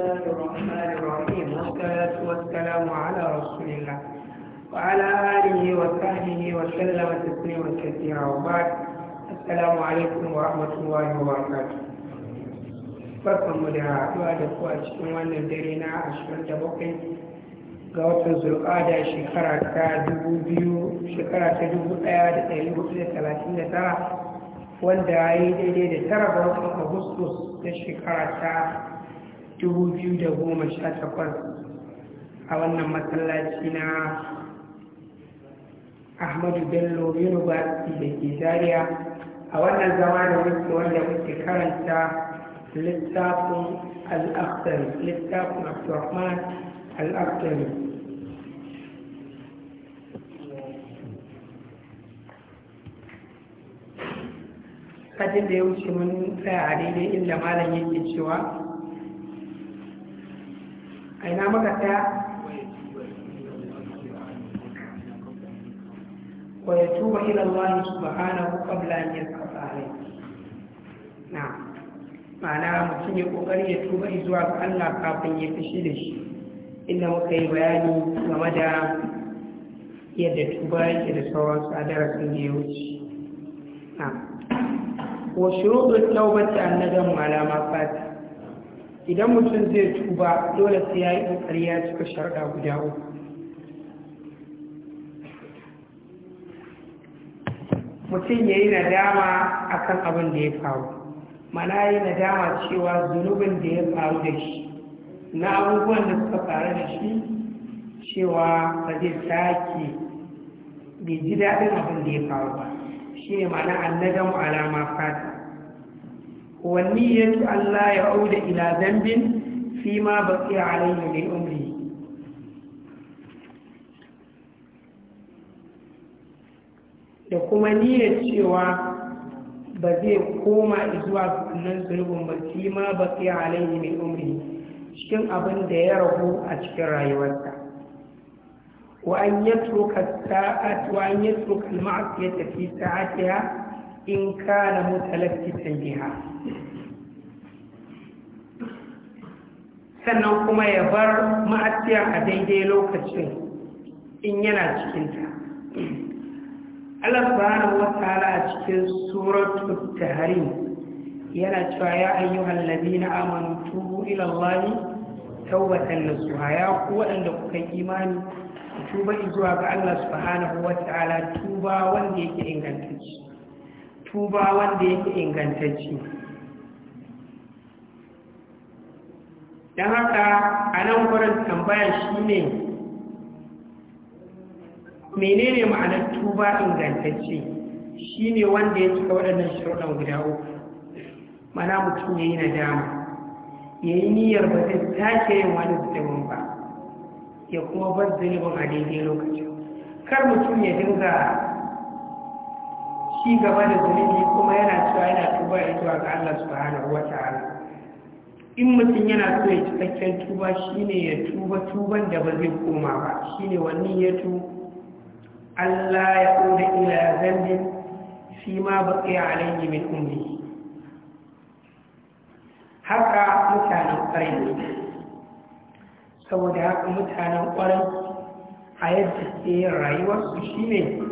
الله الرحمن الرحيم والصلاة والسلام على رسول الله وعلى آله وصحبه وسلم تسليما كثيرا وبعد السلام عليكم ورحمة الله وبركاته da haɗuwa da ku cikin wannan dare na ashirin da bakwai ga watan zulƙada shekara ta dubu biyu shekara ta dubu ɗaya da ɗari hudu da talatin da tara wanda ya yi daidai da tara ga watan agustus shekara ta takwas a wannan matsalaci na ahmadu bello university da ke zaria a wannan zama da wuce wanda muke karanta littafin al'aktari littafin abdurrahman al'aktari satin da ya wuce mun tsaya a daidai inda malam yake cewa aina maka tsaya wa ya tuba ila Allah subhanahu qabla an yaqta alayhi na ma'ana mutum ya kokari ya tuba zuwa ga Allah kafin ya fishi da shi inda muka yi bayani game da yadda tuba yake da sauran sadara sun da ya wuce na wa shuruɗin taubar ta annadan malama fata idan mutum zai tuba dole sai ya yi ƙoƙari ya cika sharɗa guda uku mutum ya yi nadama a kan abin da ya faru mana ya yi nadama cewa zunubin da ya faru da shi na abubuwan da suka faru da shi cewa ba zai sake bai ji daɗin abin da ya faru ba shi ne mana an alama fata والنية أن لا يعود إلى ذنب فيما بقي عليه من أمره da kuma niyyar cewa ba zai koma zuwa wannan zulubin ba ma ba sai alayhi mai umri cikin abin da ya ragu a cikin rayuwarsa wa an yi in kana mutalaffitan biha sannan kuma ya bar ma'asiya a daidai lokacin in yana cikinta Allah subhanahu wata a cikin suratul yana cewa ya ayyuhal ladina amanu tubu ila Allah tawbatan nasuha ya ku waɗanda kuka imani tuba zuwa ga Allah subhanahu tuba wanda yake ingantacce tuba wanda yake ingantacce don haka a nan tambaya shi ne menene ma'anar tuba ingantacce shi ne wanda ya cika waɗannan shirɗan guda uku mana mutum ya yi nadama ya yi niyyar ba zai sake yin wani zunubin ba ya kuma bar zunubin a daidai lokacin kar mutum ya dinga ci gaba da zunubi kuma yana cewa yana tuba ya zuwa ga Allah subhanahu wata'ala in mutum yana so ya cikakken tuba shine ya tuba tuban da ba zai koma ba shine wannan ya tu Allah ya kuda ila zambin fi ma baqiya alayhi min umri haka mutanen ƙwarai saboda haka mutanen ƙwarai a yadda ke yin rayuwa su shine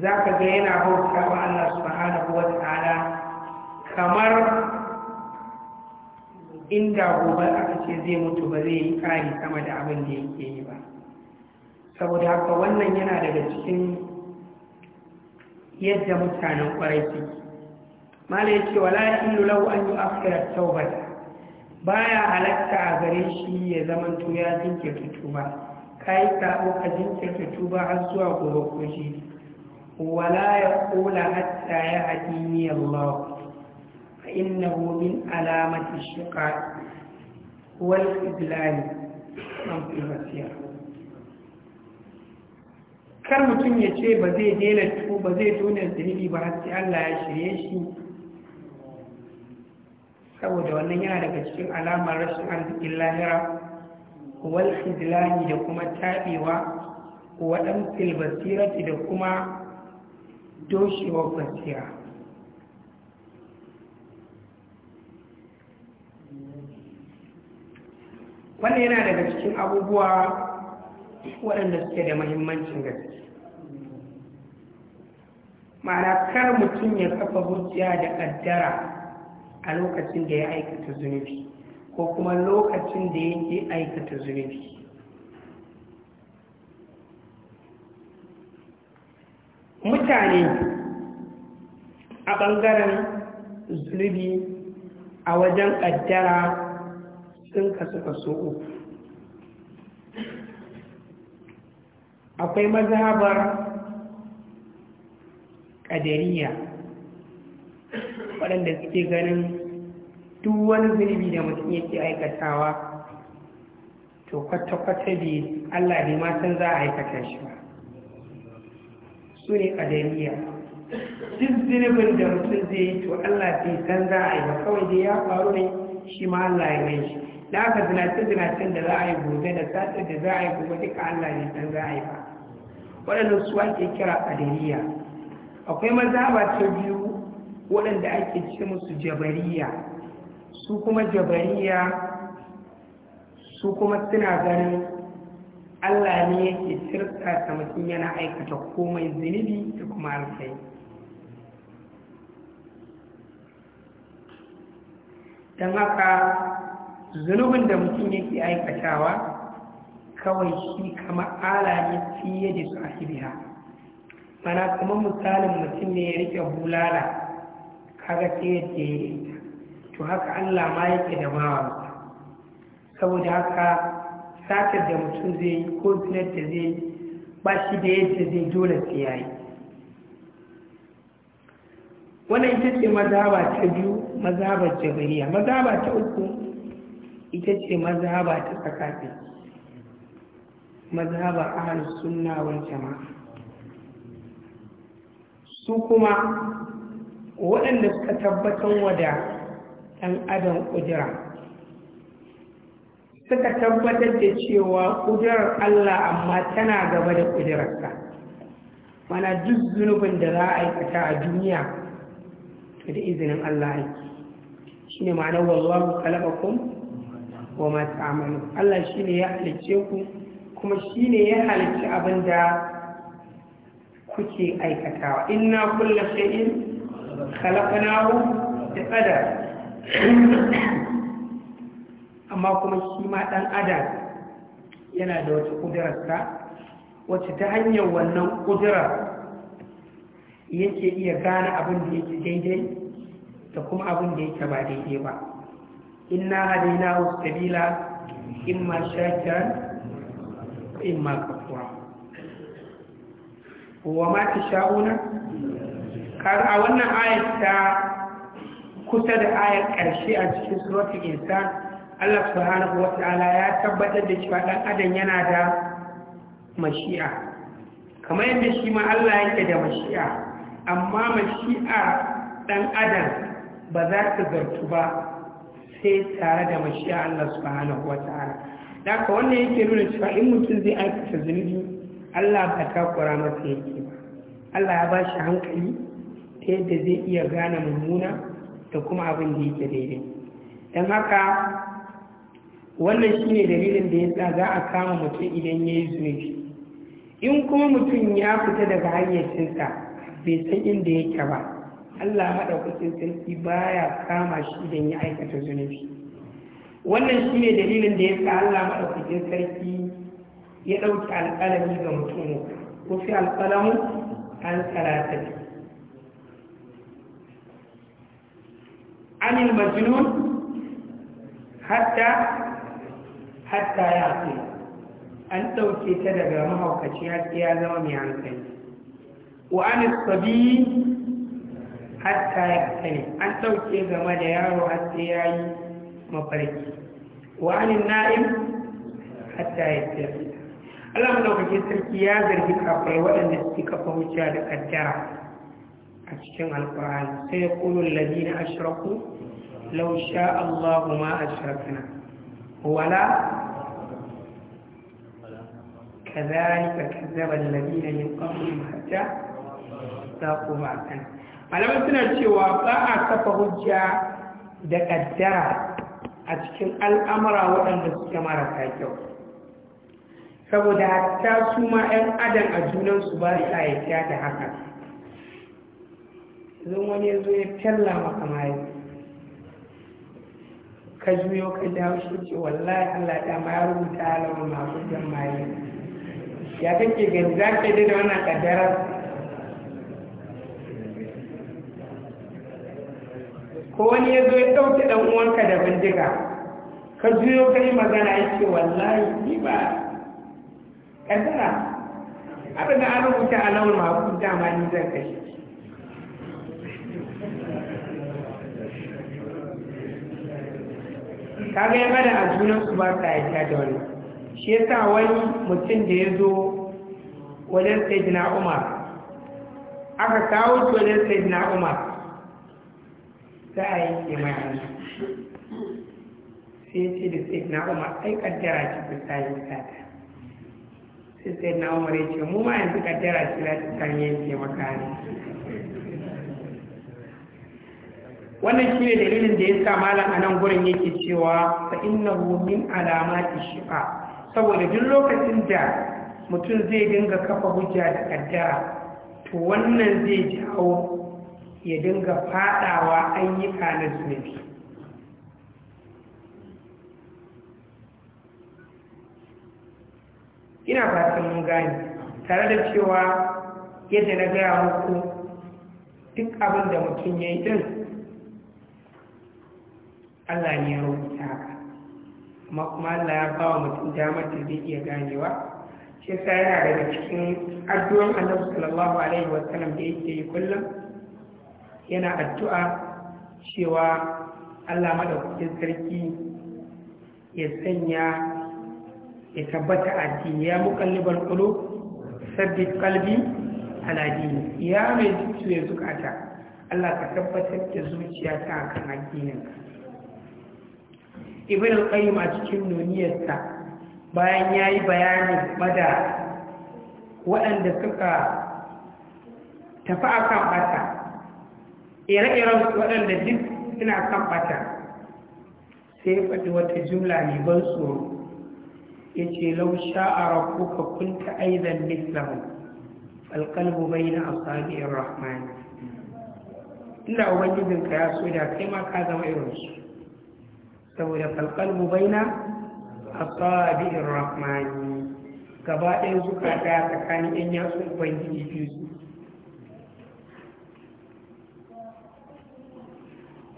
za ka ga yana bauta wa Allah subhanahu wa ta'ala kamar inda gobe aka ce zai mutu ba zai yi kari sama da abin da yake yi ba saboda haka wannan yana daga cikin yadda mutanen kwarai suke mala ce, wala illu law an yi yu'akhkhira ba baya halatta a gare shi ya zaman tuya jinkirta tuba yi sa'o ka jinkirta tuba har zuwa gobe ko shi ولا يقول حتى يهديني الله فإنه من علامة الشقاء والإذلال من في المسيح kar mutum ya ce ba zai daina tuko ba zai tona zunubi ba har sai Allah ya shirye shi saboda wannan yana daga cikin alamar rashin arzikin lahira wal da kuma tabewa wa dan da kuma doshewar basira wannan yana daga cikin abubuwa waɗanda suke da mahimmancin gaske ma'ana kar mutum ya kafa hujja da ƙaddara a lokacin da ya aikata zunubi ko kuma lokacin da yake aikata zunubi mutane a ɓangaren zunubi a wajen ƙaddara sun kasu kaso uku akwai mazhabar ƙadariya waɗanda suke ganin duk wani zunubi da mutum yake aikatawa to kwata-kwata bi Allah bi matan za a aikata shi ba su ne adaniya duk zinubin da mutum zai yi to allah fi san za a yi ba kawai dai ya faru ne shi ma allah ya mai shi da aka zinace zinacen da za a yi gobe da satar da za a yi gobe duka allah ne san za a yi ba waɗannan su ake kira adaniya akwai ba ta biyu waɗanda ake ce musu jabariya su kuma jabariya su kuma suna ganin Allah ne yake sirka ta mutum yana aikata komai zunubi da kuma alkai don haka zunubin da mutum yake aikatawa kawai shi kama ala ne fiye da sahibiha mana kuma misalin mutum ne ya rike bulala kaga sai ya to haka Allah ma yake da mawa. saboda haka satar da mutum zai yi ko zinar da zai yi ba shi da yadda zai dole su yayi yi wannan ita ce mazaba ta biyu mazhabar jabariya mazaba ta uku ita ce mazaba ta tsakafi mazaba ahlus sunna wal jama'a su kuma waɗanda suka tabbatar wa da ɗan adam ƙujira suka tabbatar da cewa ƙudurar Allah amma tana gaba da ƙudurarsa mana duk zunubin da za a aikata a duniya da izinin Allah aiki shi ne ma'anar kalaba kun wa masu amalu Allah shi ne ya halicce ku kuma shi ne ya halice abin da kuke aikatawa inna kulla shay'in ku, da tsada. amma kuma shi ma ɗan adam yana da wata ƙudurarsa wacce ta hanyar wannan ƙudurar yake iya gane abin da yake daidai da kuma abin da yake ba daidai ba inna in ma imma in ma kafuwa. wa ma sha'una? kar a wannan ayat ta kusa da ayar ƙarshe a cikin suratul insan Allah subhanahu ta'ala ya tabbatar da cewa dan adam yana da mashi'a kamar yadda shi ma Allah yake da mashi'a amma mashi'a dan adam ba za ta zartu ba sai tare da mashi'a Allah subhanahu ta'ala da ka wannan yake nuna cewa in mutum zai aikata zunubi Allah ba ta kura masa yake ba Allah ya ba shi hankali ta yadda zai iya gane mummuna da kuma abin da yake daidai don haka wannan shine dalilin da ya sa za a kama mutum idan ya yi zunubi in kuma mutum ya fita daga hayyacinsa bai san inda yake ba Allah haɗa kusur sarki ba ya kama shi idan ya aikata zunubi wannan shine dalilin da ya sa Allah kusur sarki ya ɗauki alƙalami ga mutum ko fi alƙalamu an salatati anil majnun hatta hatta ya ce an ɗauke ta daga mahaukaci har ya zama mai hankali wa an sabi hatta ya sani an ɗauke game da yaro har sai ya yi mafarki wa an na'im hatta ya ce Allah madaukakin sarki ya zargi kafai waɗanda suke kafa wuciya da kaddara a cikin alkur'ani sai ya kulun ladina ashraku law sha Allahu ma ashrakna wala kazalika kazzaba alladhina min qablihim hatta saqu ma'an malaman suna cewa ba a kafa hujja da kaddara a cikin al'amura waɗanda suke marasa kyau saboda hatta su ma 'yan adam a junansu ba sa yadda da haka zan wani ya zo ya talla maka mahaifi ka juyo ka dawo shi ce wallahi allah ya rubuta halawar masu jan mahaifi ya kake gani za ka yi da wannan kaddara ko wani ya zo ya ɗauki ɗan uwanka da bindiga ka juyo ka yi magana ya ce wallahi ni ba kaddara abin da an rubuta a launin mafi dama ni zan kashe ga ya da a su ba sa yadda da wani shi ya sa wani mutum da ya zo wajen sayyidina umar aka kawo shi wajen sayyidina umar za a yi kimani sai ce da sayyidina umar ai kaddara ce ku sayi sata sai sayyidina umar ya ce mu ma yanzu kaddara ce za ta kan yanke maka ne wannan shi ne dalilin da ya sa malam a nan gurin yake cewa fa innahu min alamati shifa saboda duk lokacin da mutum zai dinga kafa hujja da kaddara to wannan zai jawo ya dinga fadawa ayyuka na zunubi ina fatan mun gane tare da cewa yadda na gaya muku duk abin da mutum ya yi din Allah ne ya rubuta haka kuma Allah ya ba wa mutum damar da zai iya ganewa shi yana daga cikin addu'an Annabi sallallahu alaihi wa sallam da yake yi kullum yana addu'a cewa Allah madaukakin sarki ya sanya ya tabbata a addini ya muqallibal qulub sabbit qalbi ala dini ya mai zuciya zukata Allah ka tabbatar da zuciya ta kan ka. ibn al-qayyim a cikin noniyarsa, bayan yayi bayani bada waɗanda suka tafi kan bata ire-iren waɗanda duk suna kan bata sai faɗi wata jumla ne ban tsoro ya ce lau sha'ara ko ka kunta aizan mislahu falkalbu bai na asabi rahman inda ubangijinka ya so da kai ma ka zama irinsu saboda kalkalmu baina a tsadiyar rahmani gaba ɗaya zuka ɗaya tsakanin 'yan yasu ubangiji biyu su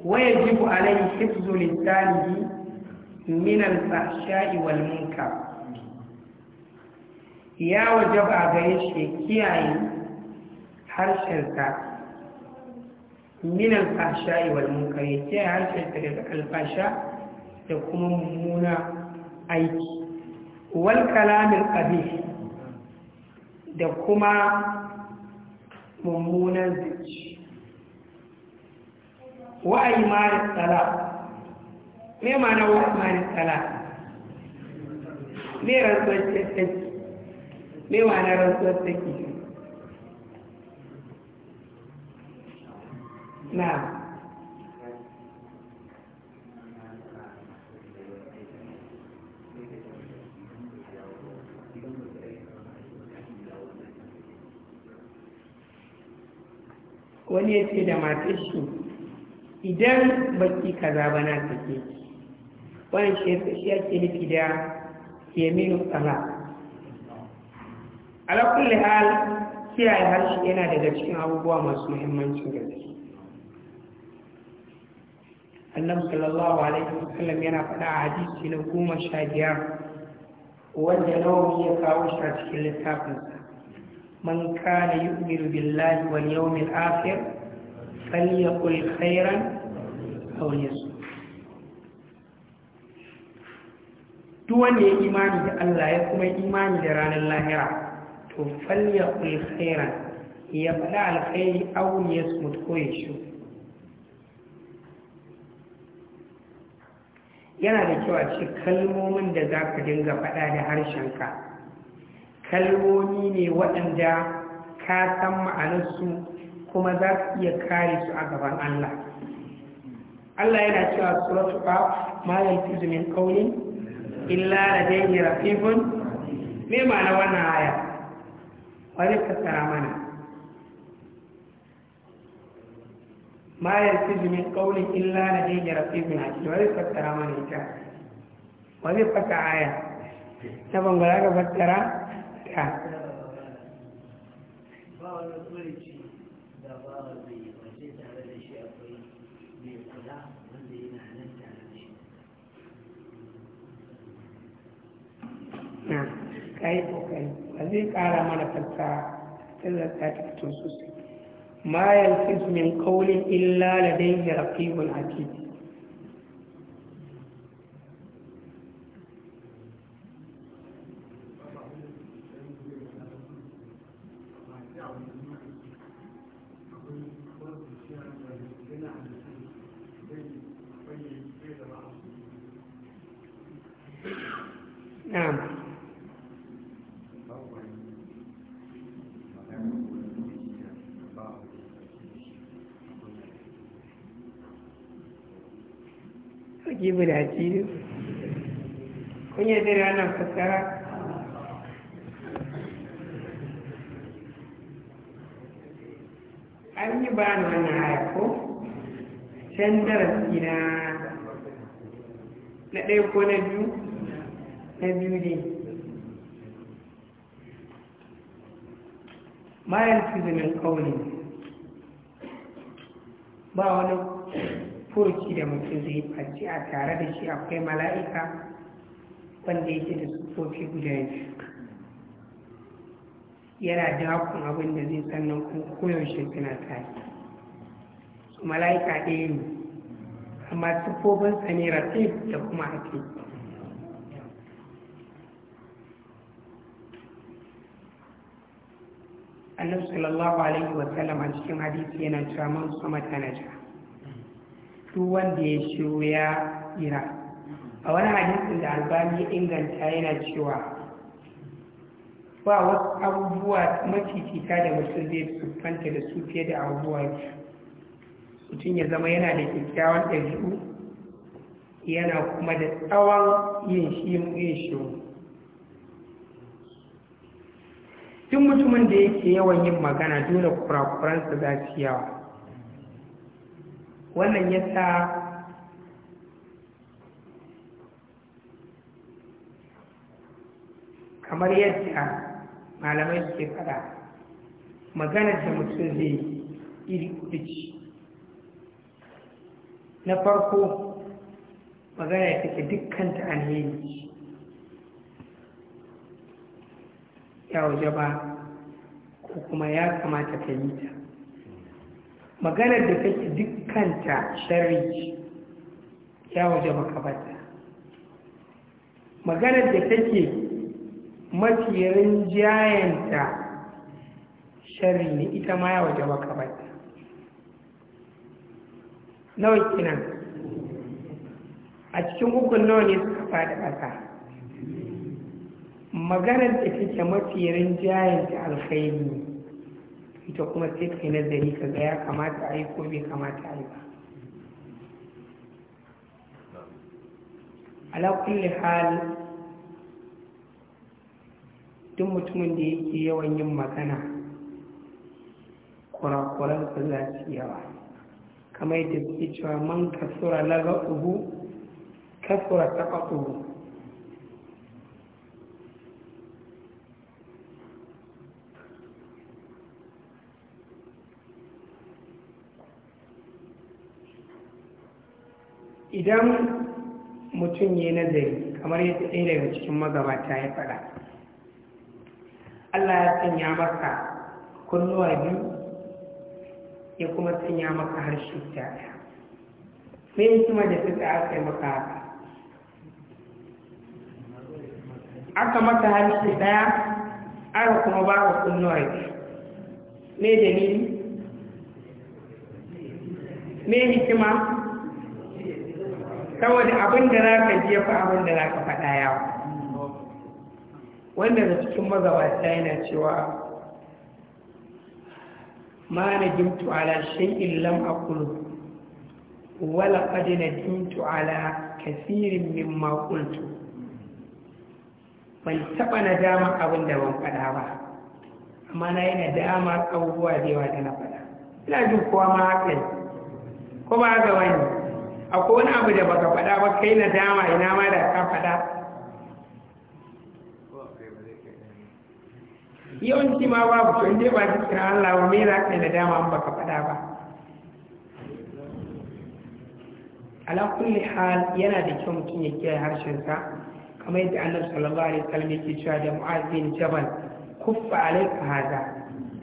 waya ji ku a nan hifzu littani minan sha'i wal ya waje ba gare shi kiyaye harshenka minan sha'i wal ya kiyaye harshenka daga alfasha da kuma mummuna aiki wal kalamin abin da kuma mummunan zuci wa'ayi maris tsala me mana wa'ayi maris tsala me rantsuwar tattaki me mana rantsuwar tattaki na wani ya ce da matar shi idan baki kaza ba na take Wani shi ya ce nufi da yaminu tsala ala hal kiyaye harshe yana daga cikin abubuwa masu muhimmancin gaske annabi sallallahu alaihi wasallam yana faɗa a hadisi na goma sha biyar wanda nawawi ya kawo shi a cikin littafinsa من كان يؤمن بالله واليوم الآخر فليقل خيرا أو ليصمت duk wanda ya imani da Allah ya kuma imani da ranar lahira to kuli khairan ya faɗa alkhairi su mutu ko ya shi yana da kyau a ce kalmomin da za ka dinga faɗa da harshenka kalmomi ne waɗanda ka san ma'anarsu kuma za su iya kare su a gaban Allah Allah yana cewa suratu ba ma yalfizu min qawlin illa ladayhi raqibun me ma'ana wannan aya wani fassara mana ma yalfizu min qawlin illa rafifun a cikin wani fassara mana ita wani fassara aya ta bangara ga fassara ka na kai kokari ba zai kara mana fassa tallata ta fito sosai ma yalfis min illa na'am Sarki budaci kun yi zira wannan fassara an yi ba na wannan haya can darasi na na ɗaya ko na biyu Na biyu ne mayan fizimin kauli ba wani furci da mutum zai faci a tare da shi akwai mala'ika wanda yake da sufofi guda biyu yana dakon abin da zai sannan kuma koyaushe suna tare mala'ika ɗaya ne amma sufofinsa ne ratif da kuma haƙiƙa annabi sallallahu alaihi wa sallam a cikin hadisi yana cewa man sama tanaja duk wanda ya shiru ya ira a wani hadisin da albani inganta yana cewa ba wasu abubuwa mafificita da mutum zai siffanta da su fiye da abubuwa mutum ya zama yana da kyakkyawan ɗabi'u yana kuma da tsawon yin shi yin shiru duk mutumin da yake yawan yin magana dole kurakuransa za su yawa wannan ya sa kamar yadda malamai suke fada maganar da mutum zai iri kudici na farko magana ya take dukkan ta alheri ta waje ba ko kuma ya kamata ka yi ta maganar da take dukkanta sharri ya waje baka bata maganar da take mafi jayanta sharri ne ita ma ya waje baka bata nawa kinan a cikin hukun nawa ne suka faɗi ƙasa maganar da take mafi rinjayen ta alkhairi ita kuma sai kai nazari ka ga ya kamata a yi ko bai kamata a yi ba ala kulli hal duk mutumin da yake yawan yin magana kurakuransa za su yawa kamar yadda suke cewa man kasura laga'uhu kasura taɓa'uhu idan mutum ya nazari kamar yadda ɗaya daga cikin magabata ya faɗa Allah ya sanya maka kunnuwa biyu ya kuma sanya maka harshe ta ɗaya me hikima da suka aka maka haka aka maka harshe ɗaya aka kuma ba ka kunnuwa biyu me dalili me hikima saboda abin da za jefa ji ya fi abin da za ka faɗa yawa wanda da cikin magabata yana cewa ma na jimtu ala shay'in lam akulu wala na jimtu ala kasirin min makultu, ban taɓa dama abin da ban faɗa ba amma na yi dama abubuwa da yawa da na faɗa ina jin kowa ma haka ko ba ga wani akwai wani abu da baka faɗa ba kai na dama ina ma da ka faɗa yawanci ma babu to inda ba kira Allah wa me za ka yi na dama in baka faɗa ba ala kulli hal yana da kyau mutum ya kiyaye harshensa kamar yadda annabi sallallahu alaihi wasallam yake cewa da mu'az bin jabal kuffa alaika hada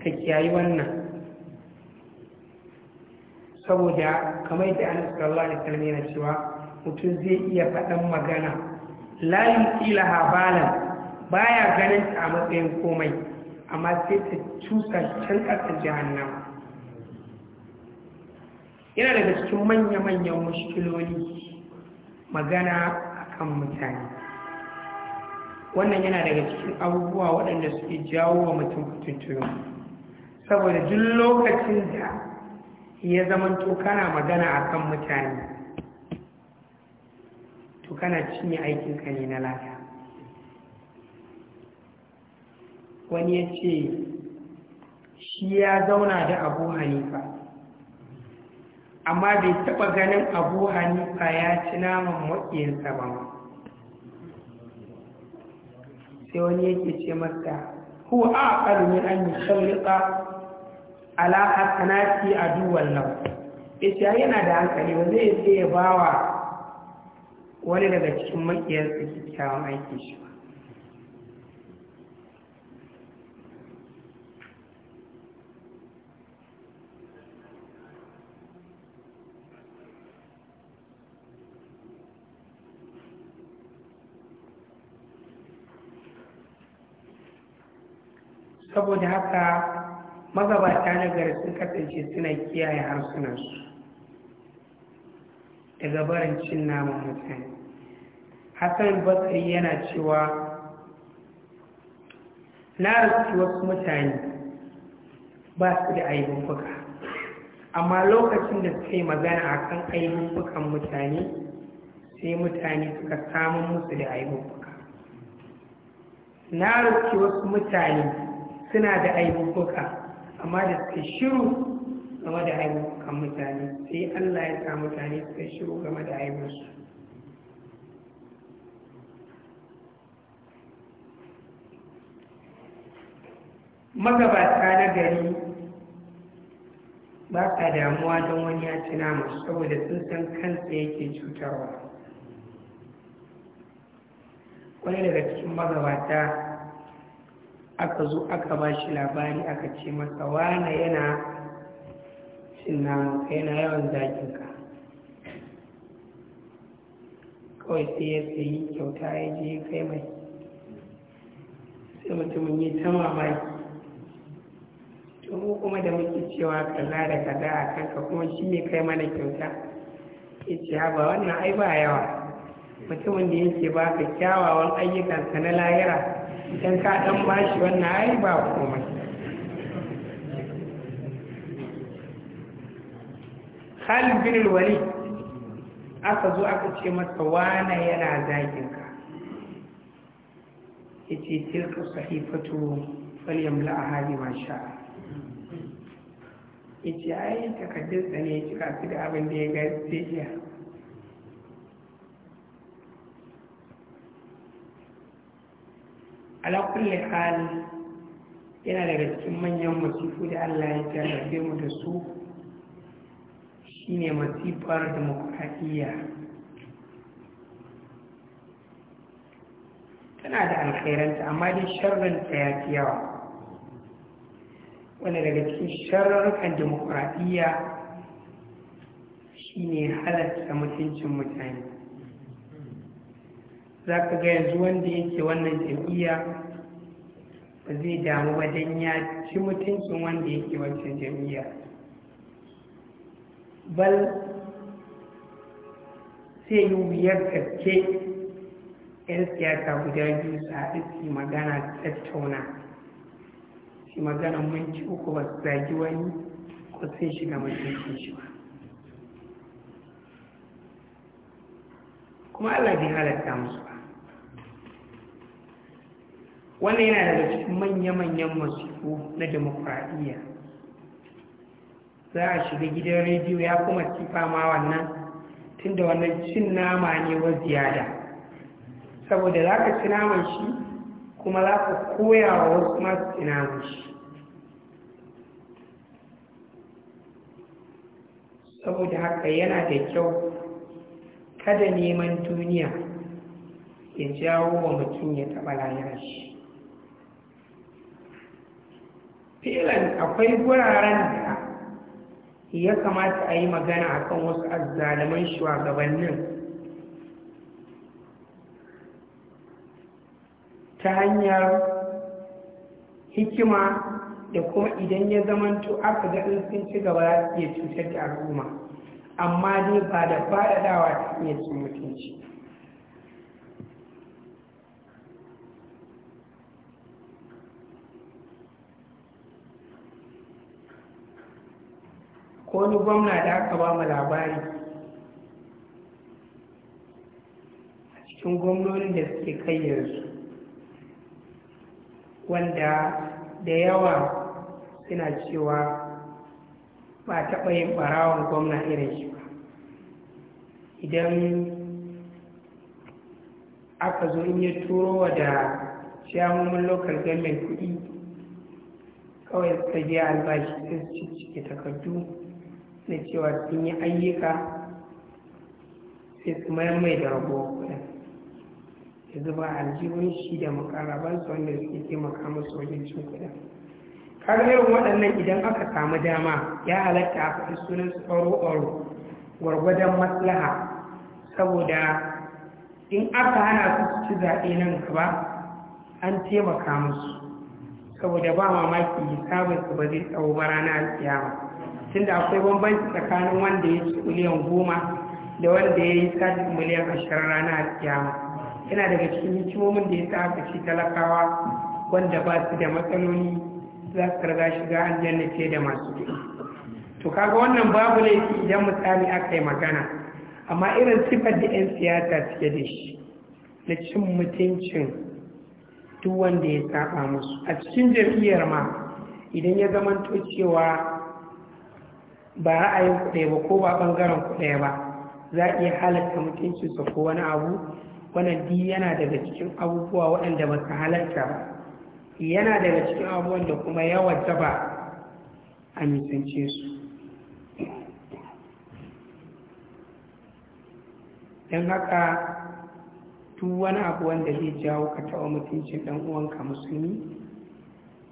ka kiyaye wannan saboda kamar yadda an sallallahu alaihi wasallam yana cewa mutum zai iya faɗan magana la ƙila balan baya ganin ta a matsayin komai amma sai ta cusa can ƙasar jahannama yana daga cikin manya-manyan mashikiloli magana a kan mutane wannan yana daga cikin abubuwa waɗanda suke jawo wa mutum fitintunu saboda duk lokacin da ya to kana magana a kan mutane to kana cinye aikinka ne na lafiya wani ya ce shi ya zauna da abu hanifa amma bai taɓa ganin abu hanifa ya ci naman maƙiyinsa ba ma sai wani yake ce masa huwa a ƙalumin an yi shalika ala hasanati adu lahu ita yana da hankali ba zai ce ya bawa wani daga cikin makiyarsa kyakkyawan aiki shi ba saboda haka magabata na gari sun kasance suna kiyaye harsunansu daga barin cin naman mutane hassan basari yana cewa na rasu wasu mutane ba su da aibin buka amma lokacin da suka yi magana a kan aibin bukan mutane sai mutane suka samun musu da aibin buka na rasu wasu mutane suna da aibin buka amma da suka shiru game da haihukan mutane sai Allah ya sa mutane suka shiru game da haihuwarsu magabata na gari ba ka damuwa don wani ya ci saboda sun san kansa yake cutarwa wani daga cikin magabata aka zo aka ba shi labari aka ce masa wane yana cin namanka yana yawan ka. kawai sai ya sayi kyauta ya je ya kai mai sai mutumin yi ta mamaki to kuma da muke cewa kaza da kaza a kanka kuma shi ne kai mana kyauta ya ce ba wannan ai ba yawa mutumin da yake ka kyawawan ayyukansa na lahira idan ka dan bashi wannan ai ba komai Khalid bin Walid aka zo aka ce masa wana yana zakin ka yace tilka sahifatu yamla ahadi ma sha yace ai takaddin tsane ya cika su da abin da ya ga sai ala kulli hali yana daga cikin manyan masifu da Allah ya jarrabe mu da su shine masifar demokradiyya tana da alkhairanta amma dai sharranta ya fi yawa wanda daga cikin sharrukan demokradiyya shine halatta mutuncin mutane za ka ga yanzu wanda yake wannan jam'iyya ba zai damu don ya ci mutuncin wanda yake wancan jam'iyya bal sai yi wuyar gaske 'yan siyasa guda biyu su haɗu su magana tattauna su magana ci uku ba su zagi wani ko sai shiga mutuncin shi ba kuma allah bai halatta musu ba wannan yana daga cikin manya-manyan masifu na demokradiyya za a shiga gidan rediyo ya kuma tifa ma wannan tunda wannan cin nama ne wa ziyada saboda za ka ci naman shi kuma za ka koya wa wasu masu ci naman shi saboda haka yana da kyau kada neman duniya ya jawo wa mutum ya taɓa layar shi filan akwai wuraren da ya kamata a yi magana a kan wasu azzalaman shugabannin ta hanyar hikima da kuma idan ya zamanto aka ga in sun ci gaba za su iya cutar da al'umma amma dai ba da faɗaɗawa ta iya cin mutunci wani gwamna da aka ba mu labari a cikin gwamnonin da suke kai yanzu wanda da yawa suna cewa ba taɓa yin ɓarawon gwamna irin shi ba idan aka zo in ya turo wa da shamomin local government kuɗi kawai suka je albashi sai su cike takardu na cewa sun yi ayyuka sai su mayar mai da rabuwar kuɗin ya zuba aljihun shi da makarabansa wanda suke taimaka musu wajen cin kuɗin karnarin waɗannan idan aka samu dama ya halatta a faɗi sunan su ɓaro-ɓaro gwargwadon maslaha saboda in aka hana su ci zaɓe nan gaba an taimaka musu saboda ba mamaki hisabinsu ba zai tsawo ba ranar alkiyama tunda akwai bambanci tsakanin wanda ya ci miliyan goma da wanda ya yi sati miliyan ashirin rana a kiyama yana daga cikin hikimomin da ya sa aka ci talakawa wanda ba su da matsaloli za su karga shiga an jannace da masu kuɗi to kaga wannan babu laifi idan misali aka yi magana amma irin sifar da 'yan siyasa suke da shi na cin mutuncin duk wanda ya saba musu a cikin jam'iyyar ma idan ya zamanto cewa ba ra'ayin kuɗe ba ko ba ɓangaren kuɗe ba za a iya halatta su ko wani abu wannan di yana daga cikin abubuwa waɗanda ba su halatta ba yana daga cikin abubuwan da kuma yawan ba a nisance su don haka tu wani abu wanda zai jawo ka taɓa mutuncin ɗan uwanka musulmi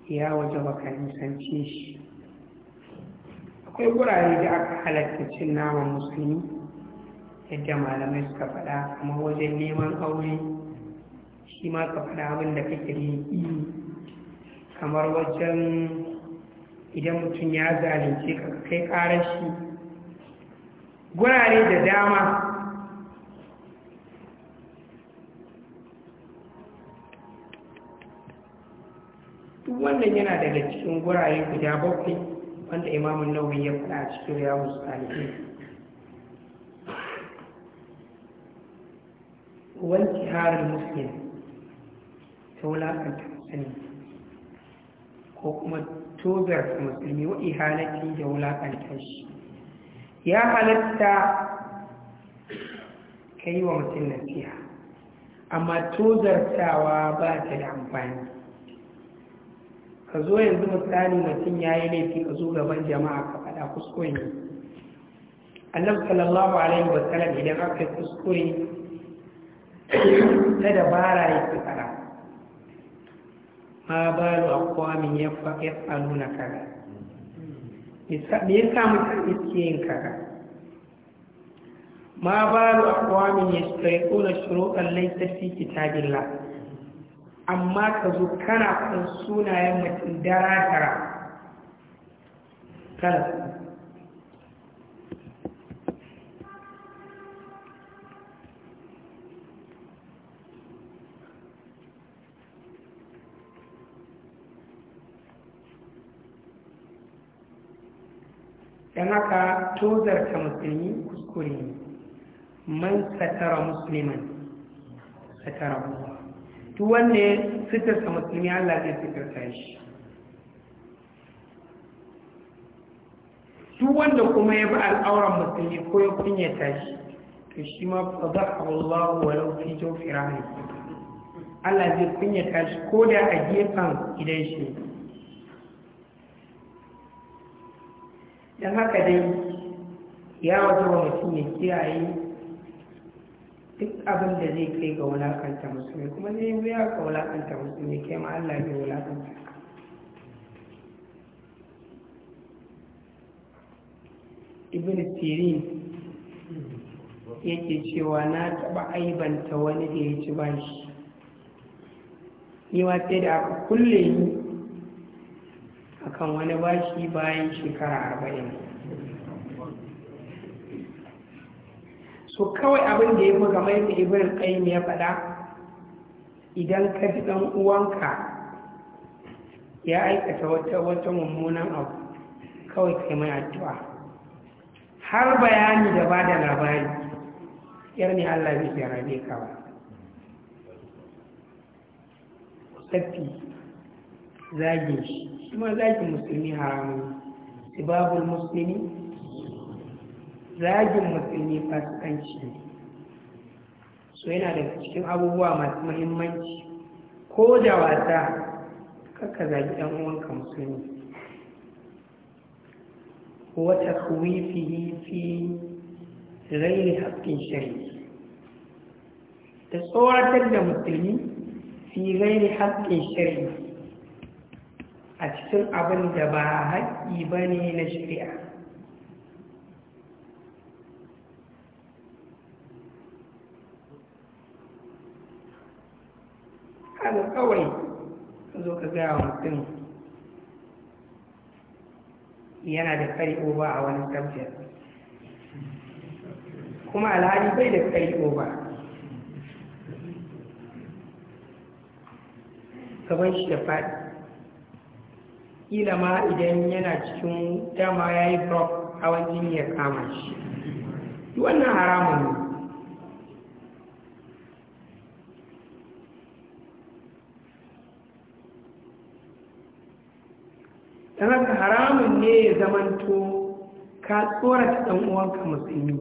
ya waje ka nisance shi akwai wurare da aka halatta cin naman musulmi yadda malamai suka faɗa kuma wajen neman aure shi ma ka faɗa abin da kake da kamar wajen idan mutum ya zalunce ka kai ƙarar shi gurare da dama wannan yana daga cikin gurare guda bakwai wanda imamun nauyi ya faɗa a cikin riyawun salihin wanki harin muslim ta wulakanta musulmi ko kuma tozar musulmi wa ihalaki da wulakanta shi ya halatta ka yi wa mutum siya. amma tozartawa ba ta da amfani ka zo yanzu misali mutum ya yi laifi ka zo gaban jama'a ka faɗa kuskure annabi sallallahu alaihi wa sallam idan aka kuskure ta dabara ya fi faɗa ma balu a nuna kaga. me ya sa mutum suke yin kaza ma balu aqwamin yastariquna shurutan laysat fi la'a amma ka zo kana kan sunayen mutum dara-dara kala don haka tozarta musulmi kuskure ne man satara musulman satara musulman duk wanne ya sitarsa musulmi Allah zai sitarsa shi duk wanda kuma ya bi al'auran musulmi ko ya kunyata shi to shi ma fa za a wa lau fi jawfi Allah zai ta shi ko da a gefen gidan shi dan haka dai ya wajen mutum ya kiyaye duk abin da zai kai ga wulakanta musulmi kuma zai wuya ga wulakanta musulmi kai ma Allah ya wulakanta ibn sirin yake cewa na taba aibanta wani da ya ci bashi ni wace sai da aka kulle ni akan wani bashi bayan shekara arba'in so kawai abin da ya fi game da ibn qayyim ya faɗa idan ka ji ɗan uwanka ya aikata wata wata mummunan abu kawai kai mai addu'a har bayani da ba da labari yar ne Allah bai jarabe ka ba tafi zagin shi Kuma zagin musulmi haramun sibabul musulmi zagin musulmi fasikanci ne so yana da cikin abubuwa masu mahimmanci ko da wata kaka zagi ɗan uwanka musulmi wata kuwifihi fi rairi haƙƙin shari'i da tsoratar da musulmi fi rairi haƙƙin shari'i a cikin abin da ba haƙƙi ba ne na shari'a haka kawai ka zo ka gaya wa mutum yana da kari oba a wani subject kuma alhali bai da kari oba gaban shi da faɗi kila ma idan yana cikin dama ya yi hawan jini ya kama shi wannan haramun ne don haka haramun ne ya zamanto ka tsorata ɗan uwanka musulmi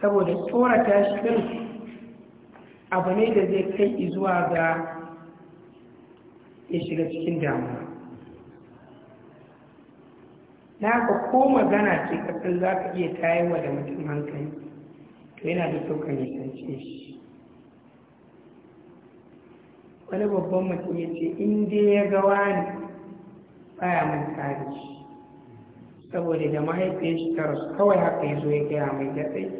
saboda tsorata shi ɗin abu ne da zai kai zuwa ga ya shiga cikin damuwa na ka ko magana ce za ka iya wa da mutum hankali to yana da kyau ka shi wani babban mutum ya ce in ya gawa ne baya manta da shi saboda da mahaifiyar shi ta rasu kawai haka ya zo ya gaya mai gatsai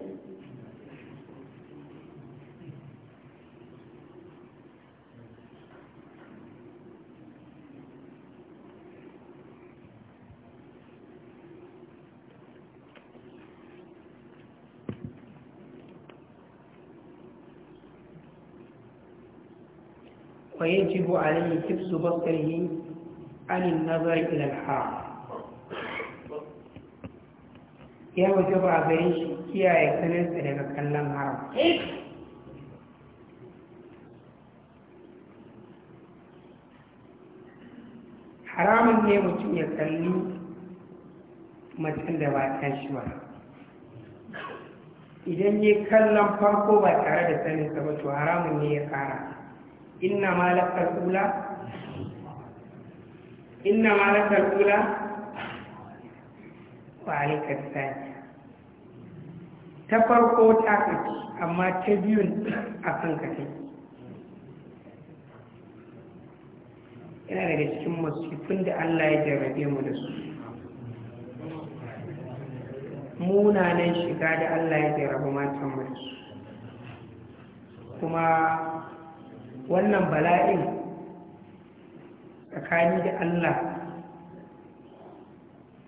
ويجب عليه حفظ بصره عن النظر إلى الحرام ya wajaba a gare shi kiyaye saninsa daga kallon haram haramun ne mutum ya kalli macen da ba ta shi ba idan ya kallon farko ba tare da saninsa ba to haramun ne ya kara inna ma lafar kula inna ma na kalkula wa alikar ta farko ta kaci amma ta biyun a kan yana daga cikin masifin da allah ya jarrabe mu da su munanan shiga da allah ya jarrabe matan mu da su kuma wannan bala'in tsakani da Allah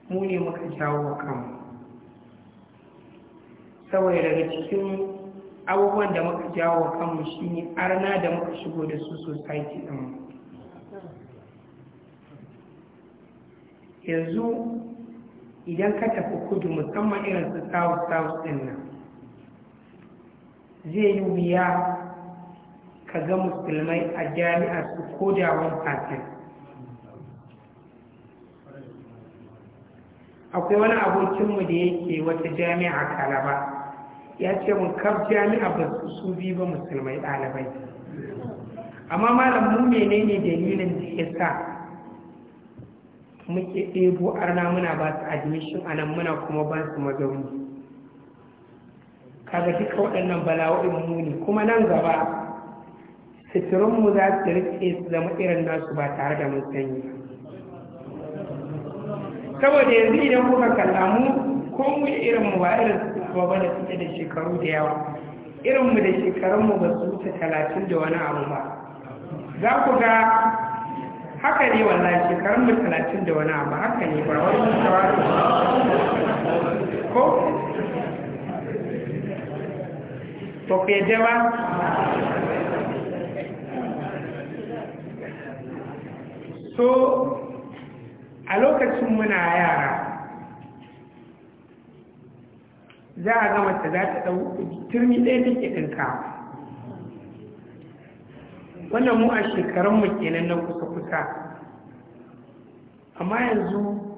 mu ne muka jawo wa kanmu saboda daga cikin abubuwan da muka jawo wa kanmu shine arna da muka shigo da su society ɗinmu yanzu idan ka tafi kudu musamman irin su south south din nan zai yi wuya ka ga musulmai a jami'ar su kodawan fatin akwai wani abokinmu da yake wata jami'a kalaba ya ce mun kaf jami'a ba su bi ba musulmai ɗalibai amma malam mu menene dalilin da ya sa muke ɗebo arna muna ba su admission a nan muna kuma ba su mazauni kaga duka waɗannan bala'o'in ne, kuma nan gaba suturunmu za su rike su zama irin nasu ba tare da mun sani saboda yanzu idan kuka kallamu ko mu irin mu ba irin su ba da suke da shekaru da yawa irin mu da shekarun mu ba su wuce talatin da wani abu ba za ku ga haka ne wallahi shekarun mu talatin da wani abu haka ne ba wani shawara ko to ke je ba so a lokacin muna yara za a ga mace za ta ɗau turmi ɗaya ta ke ɗinka wannan mu a mu kenan na kusa-kusa amma yanzu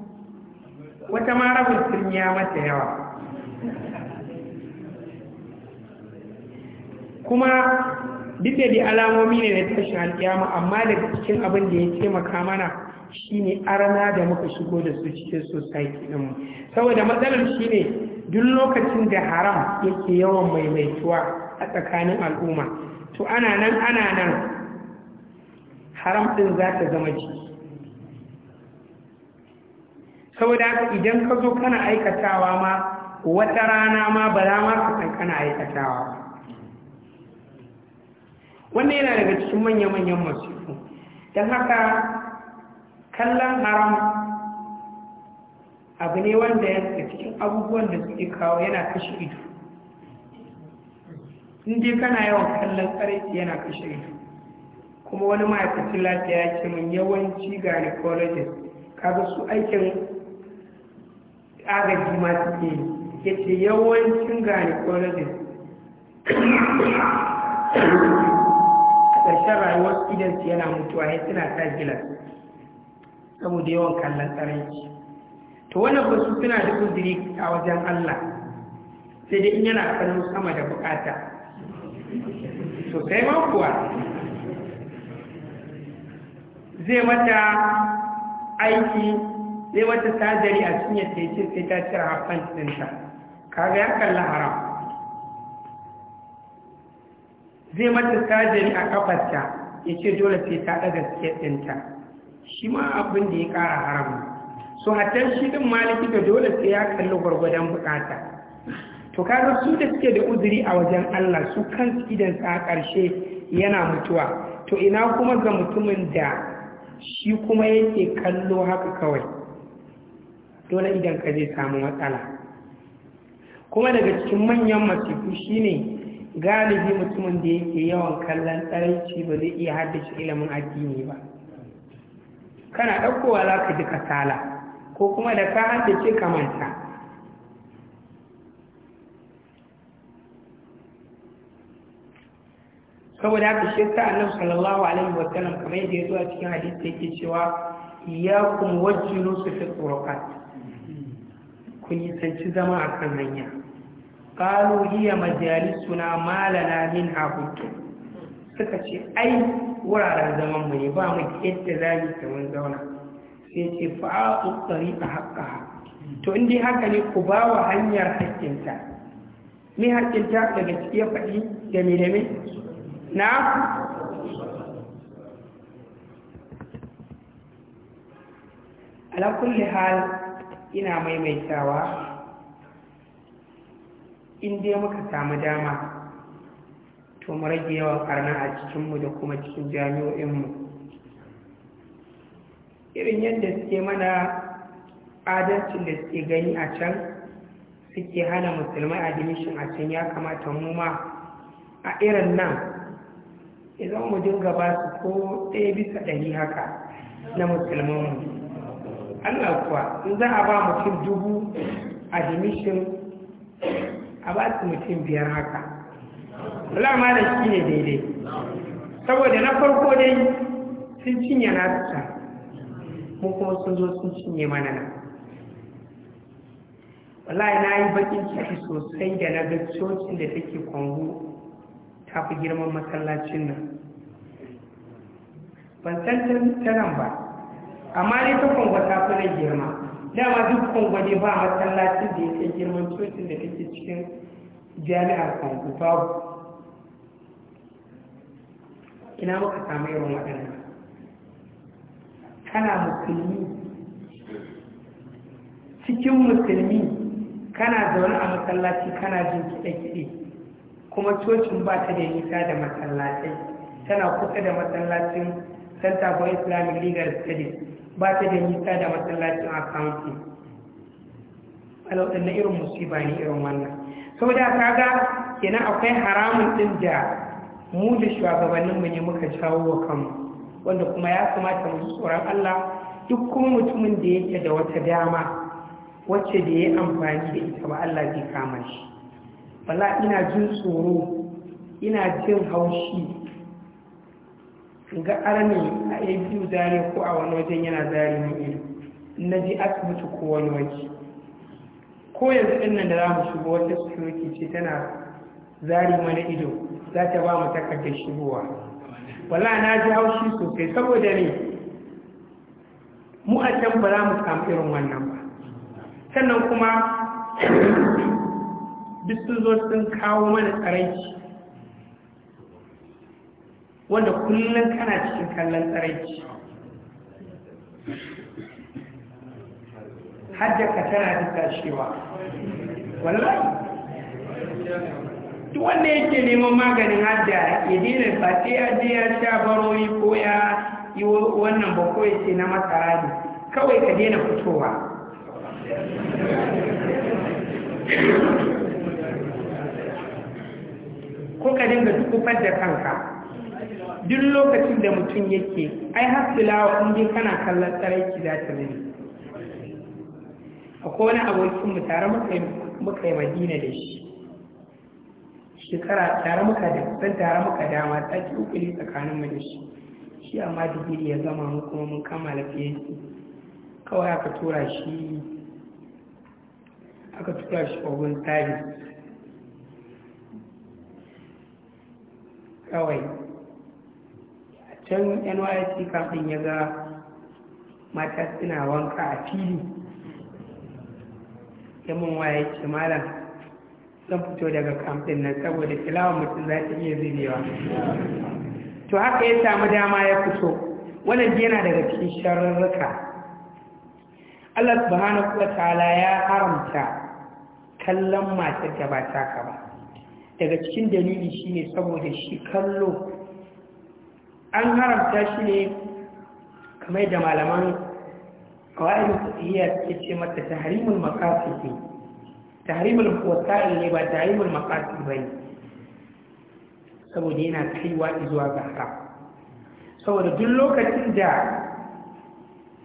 wata ma rabin turmi ya mata yawa kuma duk da alamomi ne na tashin alƙiyama amma daga cikin abin da ya taimaka mana shine arana da muka shigo da su cikin society ɗinmu saboda matsalar shine duk lokacin da haram yake yawan maimaituwa a tsakanin al'umma to ana nan ana nan haram ɗin za ta zama ciki saboda haka idan ka zo kana aikatawa ma wata rana ma ba za ma ka san kana aikatawa wannan yana daga cikin manya-manyan masu don haka kallon haram abu ne wanda ya daga cikin abubuwan da suke kawo yana kashe ido inda kana yawan kallon tsaraiti yana kashe ido kuma wani ma'aikacin lafiya ya ce min yawanci ka kaga su aikin agaji ma suke yi ya ce yawancin gynecologist a ƙarshen rayuwar idansu yana mutuwa ya suna ta gilas saboda yawan kallon tsaraici to wannan ba su suna da kudiri a wajen Allah sai dai in yana kallon sama da bukata to sai ma kuwa zai mata aiki zai mata sajari a cikin yadda ya ce sai ta cire hafan cikinta. kaga ya kalla haram zai mata sadari a kafarta ya ce dole sai ta ɗaga siket ɗinta shi ma abin da ya kara haramu so hatta shi din maliki da dole sai ya kalli gwargwadon bukata to kaga su da suke da uzuri a wajen Allah su kan idan sa ƙarshe yana mutuwa to ina kuma ga mutumin da shi kuma yake kallo haka kawai dole idan ka je samu matsala kuma daga cikin manyan masifu shine galibi mutumin da yake yawan kallon tsaraici ba zai iya haddace ilimin addini ba kana ɗaukowa za ka ji kasala ko kuma da ka haddace ce manta saboda haka shi ta annabu sallallahu alaihi wa sallam kamar yadda ya zo a cikin hadisi yake cewa kun wajen su fi turqat ku nisanci zama a kan hanya qalu hiya majalisuna malala min haqqin suka ce ai wuraren zaman mu ne ba mu yadda za mu kamar zauna sai ce fa'a'u tsariƙa haƙƙaha to in dai haka ne ku ba wa hanyar haƙƙinta me haƙƙinta daga cikin faɗi da me da me na ala kulli hal ina maimaitawa in dai muka samu dama to mu rage yawan karna a cikinmu da kuma cikin jami'o'inmu irin yadda suke mana adalcin da suke gani a can suke hana musulmai admission a can ya kamata mu ma a irin nan idan mu dinga ba su ko ɗaya bisa ɗari haka na musulmanmu allah kuwa in za a ba mutum dubu admission a ba su mutum biyar haka wala da shi ne daidai saboda na farko dai sun cinye na ta mun kuma sun zo sun cinye mana na wallahi na yi bakin ciki sosai da na ga cocin da take kwango ta fi girman masallacin nan ban san ta nan ba amma ne ta kwango ta fi nan girma dama duk kwango ne ba masallacin da ya kai girman cocin da take cikin jami'ar kwango babu ina muka samu irin waɗannan kana musulmi cikin musulmi kana zaune a masallaci kana jin kiɗe-kiɗe kuma cocin ba ta da nisa da masallatai tana kusa da masallacin Santa for islamic legal studies ba ta da nisa da masallacin accounting na irin ba ne irin wannan sau da kaga kenan akwai haramun ɗin da mu da shugabanninmu ne muka jawo wa kanmu wanda kuma ya kamata mu tsoron Allah duk kuma mutumin da yake da wata dama wacce da ya amfani da ita ba Allah zai kama shi wala ina jin tsoro ina jin haushi ga arni a biyu zare ko a wani wajen yana zare min ido na ji asibiti ko wani waje ko yanzu ɗin nan da za mu shiga wata security ce tana zari mana ido za ta ba mu takardar shigowa wala na ji haushi sosai saboda ne mu a can ba za mu samu irin wannan ba sannan kuma duk sun kawo mana tsaraici wanda kullum kana cikin kallon tsaraici hajjaka tana tashewa wallahi duk wanda yake neman maganin hajja ya dina ba sai ya je ya sha baroyi ko ya yi wannan ba ko ya ce na masara ne kawai ka daina fitowa ko ka dinga tukufar da kanka duk lokacin da mutum yake ai hasbilawa in dai kana kallon tsaraiki za ta zai akwai wani abokin mu tare muka yi madina da shi shekara tare muka da kusan tare muka dama ta ki uku ne tsakanin mu da shi shi amma digiri ya zama mu kuma mun kammala PhD kawai aka tura shi aka tura shi ogun tari kawai a can NYC kafin ya ga mata suna wanka a fili yamman waye ce malam zan fito daga kamfin nan saboda kilawa mutum za ta iya zirewa to haka ya samu dama ya fito wannan yana daga cikin sharurruka Allah subhanahu wa ta'ala ya haramta kallon matar da ba taka ba daga cikin dalili shine saboda shi kallo an haramta shi ne kamar da malaman kawai ya ce mata tahrimul makasifi tarimul wasa'il ne ba tarimul maqasid bane saboda yana kaiwa zuwa ga haram saboda duk lokacin da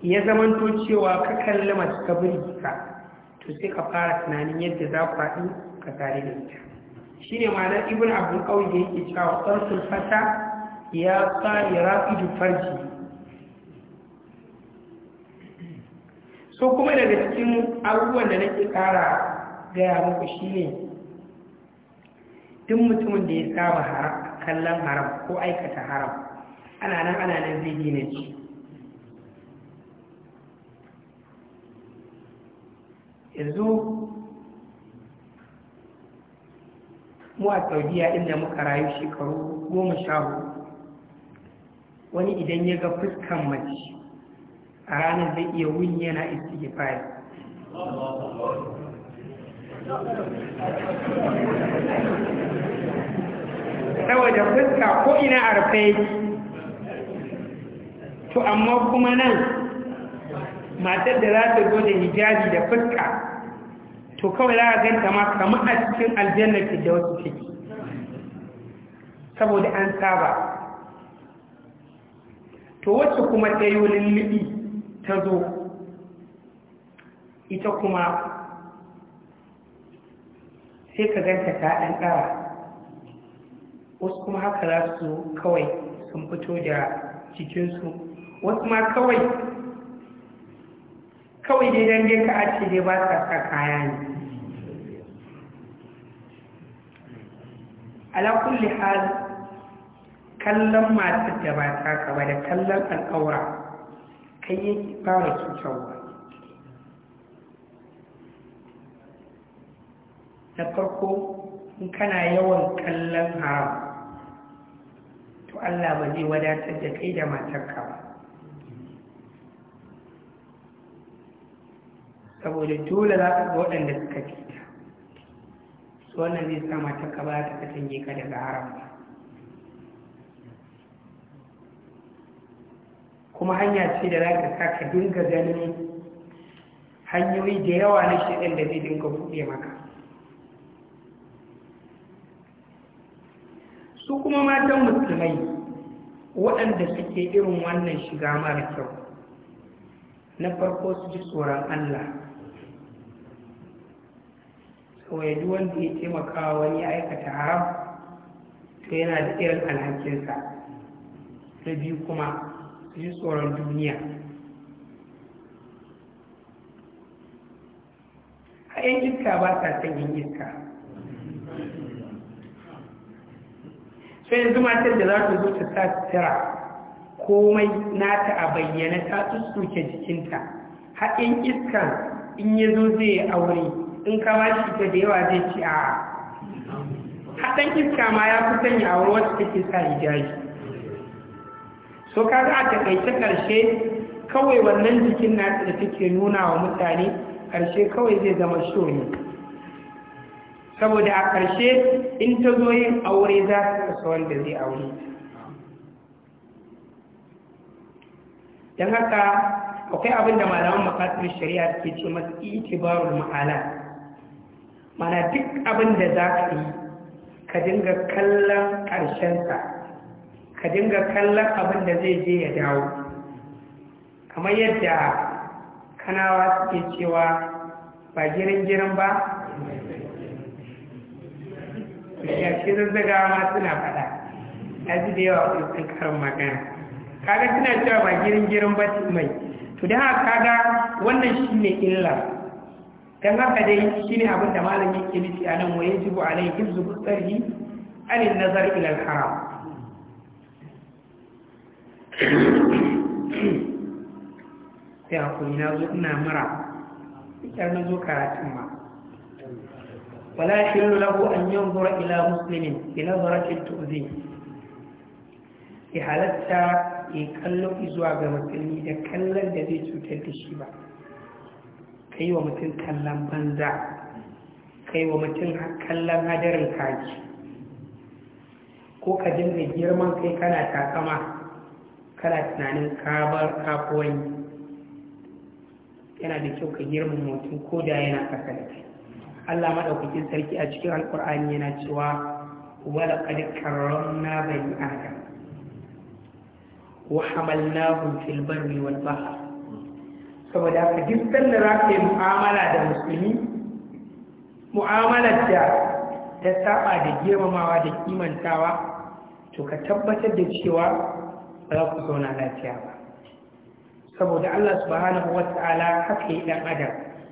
ya zamanto cewa ka kalli masu ka to sai ka fara tunanin yadda za ku haɗu ka tare da ita shi ne ma na ibn abin da yake cewa ƙarfin fata ya tsari ra'idu farji so kuma daga cikin abubuwan da nake ƙara gaya muku shi ne duk mutumin da ya saba kallon haram ko aikata haram ana nan ana nan zai dina ci yanzu mu a saudiya inda muka rayu shekaru goma sha wani idan ya ga fuskan mace a ranar zai iya wuni yana istighfari saboda fuska ko ina a rufai to amma kuma nan matar da za ta zo da hijabi da fuska to kawai za a ganta ma kama a cikin aljannar da wasu ciki saboda an saba to wacce kuma ta yi wani ta zo ita kuma sai ka ganta ta ɗan ɗara, wasu kuma haka za su kawai sun fito da cikinsu wasu ma kawai kawai dai don dai ka ace dai ba sa sa kaya ne alakulli hal kallon masu da ba ta kaba da kallon al'aura kai yake ba cutarwa na farko in kana yawan kallon haram to Allah ba zai wadatar da kai da matarka ba saboda dole za ka ga waɗanda suka fita su wannan zai sa matarka ba ta kasance ka daga haram ba kuma hanya ce da za ka sa ka dinga ganin hanyoyi da yawa na shaɗin da zai dinga buɗe maka su kuma matan musulmai waɗanda suke irin wannan shiga mara kyau na farko su ji tsoron Allah kawai duk wanda ya taimakawa wani aikata haram to yana da irin alhakinsa na biyu kuma su ji tsoron duniya a yin iska ba sa son iska sai yanzu da za ta zo ta sa sutura komai ta a bayyana ta tsuke jikinta haɗin iskan in ya zo zai aure in ka ba shi ta da yawa zai ci a haɗin iska ma ya fi sanya aure wacce take sa hijabi so ka za a taƙaice ƙarshe kawai wannan jikin nata da take nuna wa mutane ƙarshe kawai zai zama shoni saboda a ƙarshe in ta zo yin aure za ta kasa wanda zai aure don haka akwai abin da malaman makasar shari'a ke ce masu itibarul ma'ala mana duk abin da za ka yi ka dinga kallon ƙarshensa ka dinga kallon abin da zai je ya dawo kamar yadda kanawa suke cewa ba girin-girin ba ya shi zazzagawa ma suna faɗa na ji da yawa kusan karin magana kaga suna cewa ba girin girin ba su mai to da haka kaga wannan shi ne illa don haka dai shi ne abin da malam yake nufi a nan waye jibu a nan hibzu tsari, alin nazar ilal haram a kuri na zo ina mura ikar na zo karatun ma ولا يحل له أن ينظر إلى مسلم بنظرة تؤذيه في حالتها يكلو إزواء مسلمي إذا كلل الذي تتلك الشبع كي ومثل كلم بنزع كي ومثل كلم هدر الكاج ko ka dinga girman kai kana takama kana tunanin kabar kafuwan yana da kyau ka girman mutum ko da yana kasa da kai Allah madaukakin sarki a cikin alkur'ani yana cewa wala qad karramna bani adam wa hamalnahum fil barri wal bahr saboda ka gistan da za ka yi mu'amala da musulmi mu'amalar da ta saba da girmamawa da kimantawa to ka tabbatar da cewa ba za ku zauna lafiya ba saboda Allah subhanahu wata'ala haka yi dan adam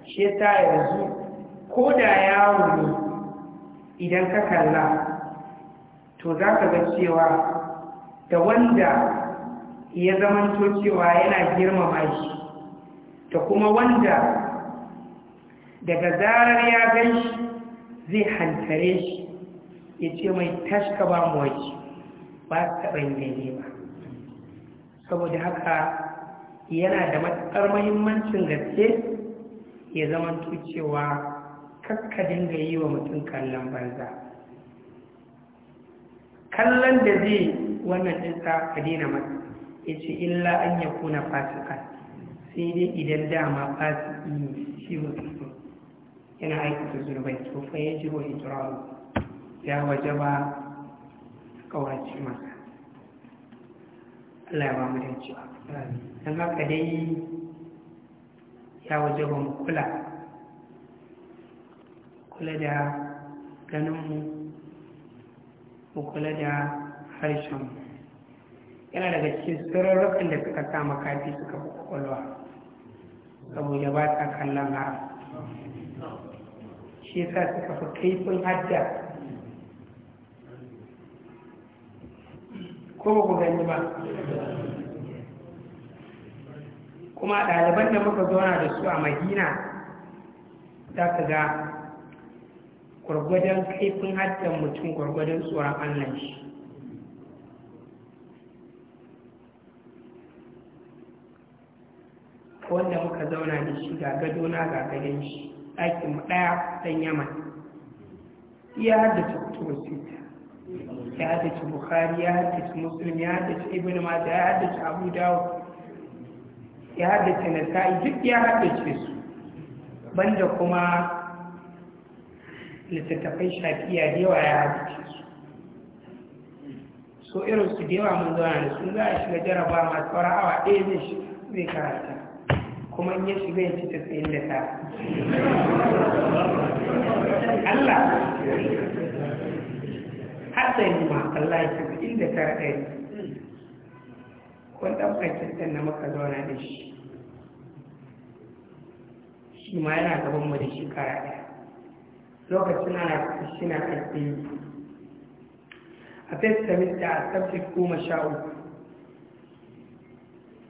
shi yasa yanzu ko da yawo ne idan ka kalla to za ka ga cewa da wanda ya zamanto cewa yana girmama shi da kuma wanda daga zarar ya gan shi zai hantare shi ya ce mai tashka ba mu waje ba su taɓa ba saboda haka yana da matsar mahimmancin gaske ya zama cewa kakka dinga yi wa mutum kallon banza kallon da zai wannan ɗinsa ka dina masa ya ce illa an ya kuna fasika sai dai idan dama fasiki ne shi mutum yana aikata zurbai to fa ya ji wa hijiraru ya waje ba kawace masa Allah ya ba mu da cewa don haka dai ya waje ba mu kula kula da ganinmu ko kula da harshenmu yana daga cikin tsirarrukan da suka sa makafi suka fi kwakwalwa saboda ba ta kallon haram shi sa suka fi kaifin hadda ko ba ku gani ba kuma ɗaliban da muka zauna da su a madina za ka ga gwargwadon kaifin haddan mutum gwargwadon tsoron allah shi wanda muka zauna da shi ga gadona ga gadon shi ɗakin ɗaya ɗan yaman ya haddace kutubu sita ya haddace bukhari ya haddace muslim ya haddace ibn mata ya haddace abu dawo ya haddace nasa'i duk ya haddace su banda kuma littattafai shafiya da yawa ya hadice su so irin su da yawa mun zauna da sun za a shiga jaraba masu tsara awa ɗaya zai shi zai karanta kuma in ya shiga ya ci tsayin da ta Allah yi ma Allah ya tasirin inda ta raɗari kun ɗan fahimtar na maka zauna da shi shi ma yana gaban mu da shi kara ɗaya lokacin ana shina karfe yi a first semester a subject goma sha uku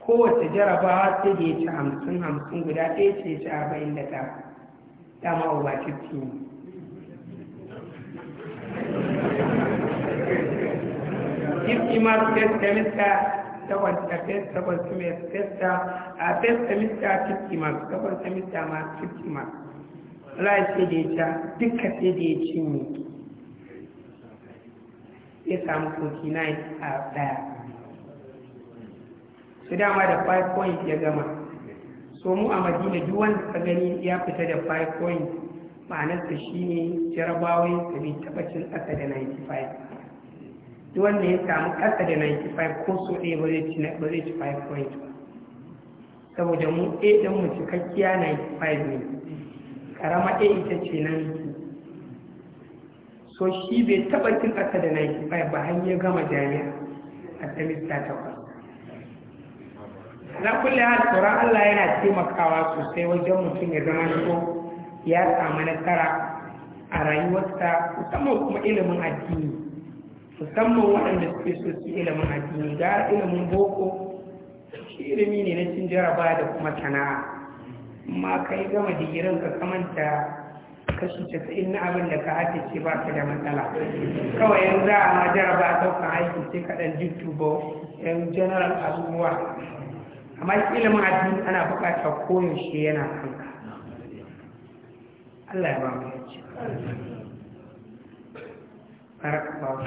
kowace jarabawa sai da ya ci hamsin hamsin guda ɗaya ce ci arba'in da ta dama ubacin ne fifty mark first a second first mista semester first semester a mark second semester ma fifty mark wallahi sai da ya ta duka sai da ya cinye ya samu 49 a daya su dama da 5 points ya gama so mu a madina duk wanda ka gani ya fita da 5 points ma'anarsa shi ne jarabawai da bi taɓa cin ƙasa da 95 duk wanda ya samu ƙasa da 95 ko so ɗaya ba zai ci 5 points saboda mu ɗaya ɗin mu cikakkiya 95 ne karama ɗaya ita ce 90 so shi bai taɓa cin ƙasa da 95 ba har ya gama jami'a a semista takwas na kulle hal tsoron Allah yana taimakawa sosai wajen mutum ya zama ko ya samu nasara a rayuwarsa musamman kuma ilimin addini musamman waɗanda suke so su ilimin addini ga ilimin boko shi ilimi ne na cin jarabawa da kuma sana'a ma kai gama digirin ka kamanta kashi casa'in na abin da ka hake ce ba ka da matsala kawai yan za a ma ba a ɗaukar aiki sai kaɗan jitubo yan general abubuwa amma ilimin addini ana buƙatar shi yana kanka Allah ya ba mu yanci barakallahu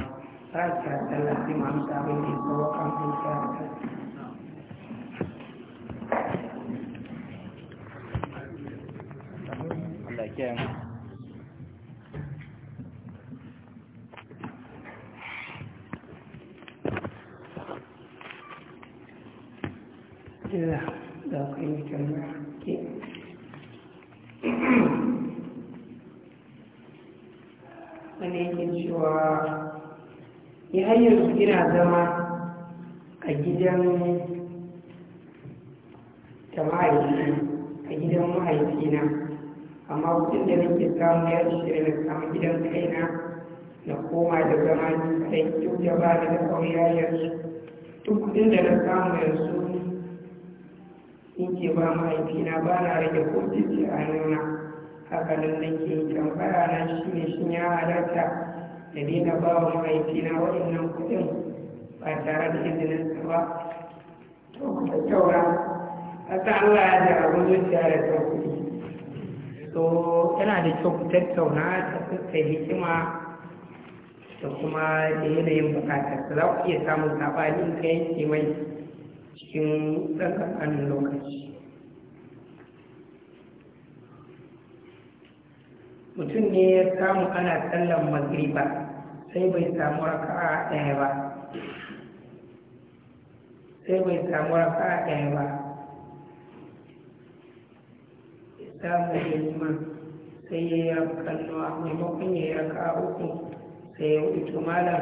ta ce a tallafi ma amsa abin da ya sauwa kan kanka cikakken wani yake cewa ya hanyar ina zama a gidan da mahaifi a gidan mahaifina amma kudin da nake samu ya ishe na samu gidan kaina na koma da zama kai duk da ba da kauya yanzu duk kudin da na samu yanzu in ke ba mahaifina ba na rage kofi a nuna haka nan nake tambaya na shi ne shi ya halarta da daina ba wa mahaifina waɗannan kuɗin ba tare da izinin ba to ku a ta Allah ya da abin zuciya da ta kuɗi so yana da kyau ku tattauna ta fuskar hikima da kuma da yanayin bukatar za ku iya samun sabanin ka yanke mai cikin ɗan lokaci mutum ne ya samu ana sallan magriba sai bai samu raka'a ɗaya ba sai bai samu raka'a ɗaya ba yi ma sai ya yi kallo a maimakon ya yi aka uku sai ya wuce tumala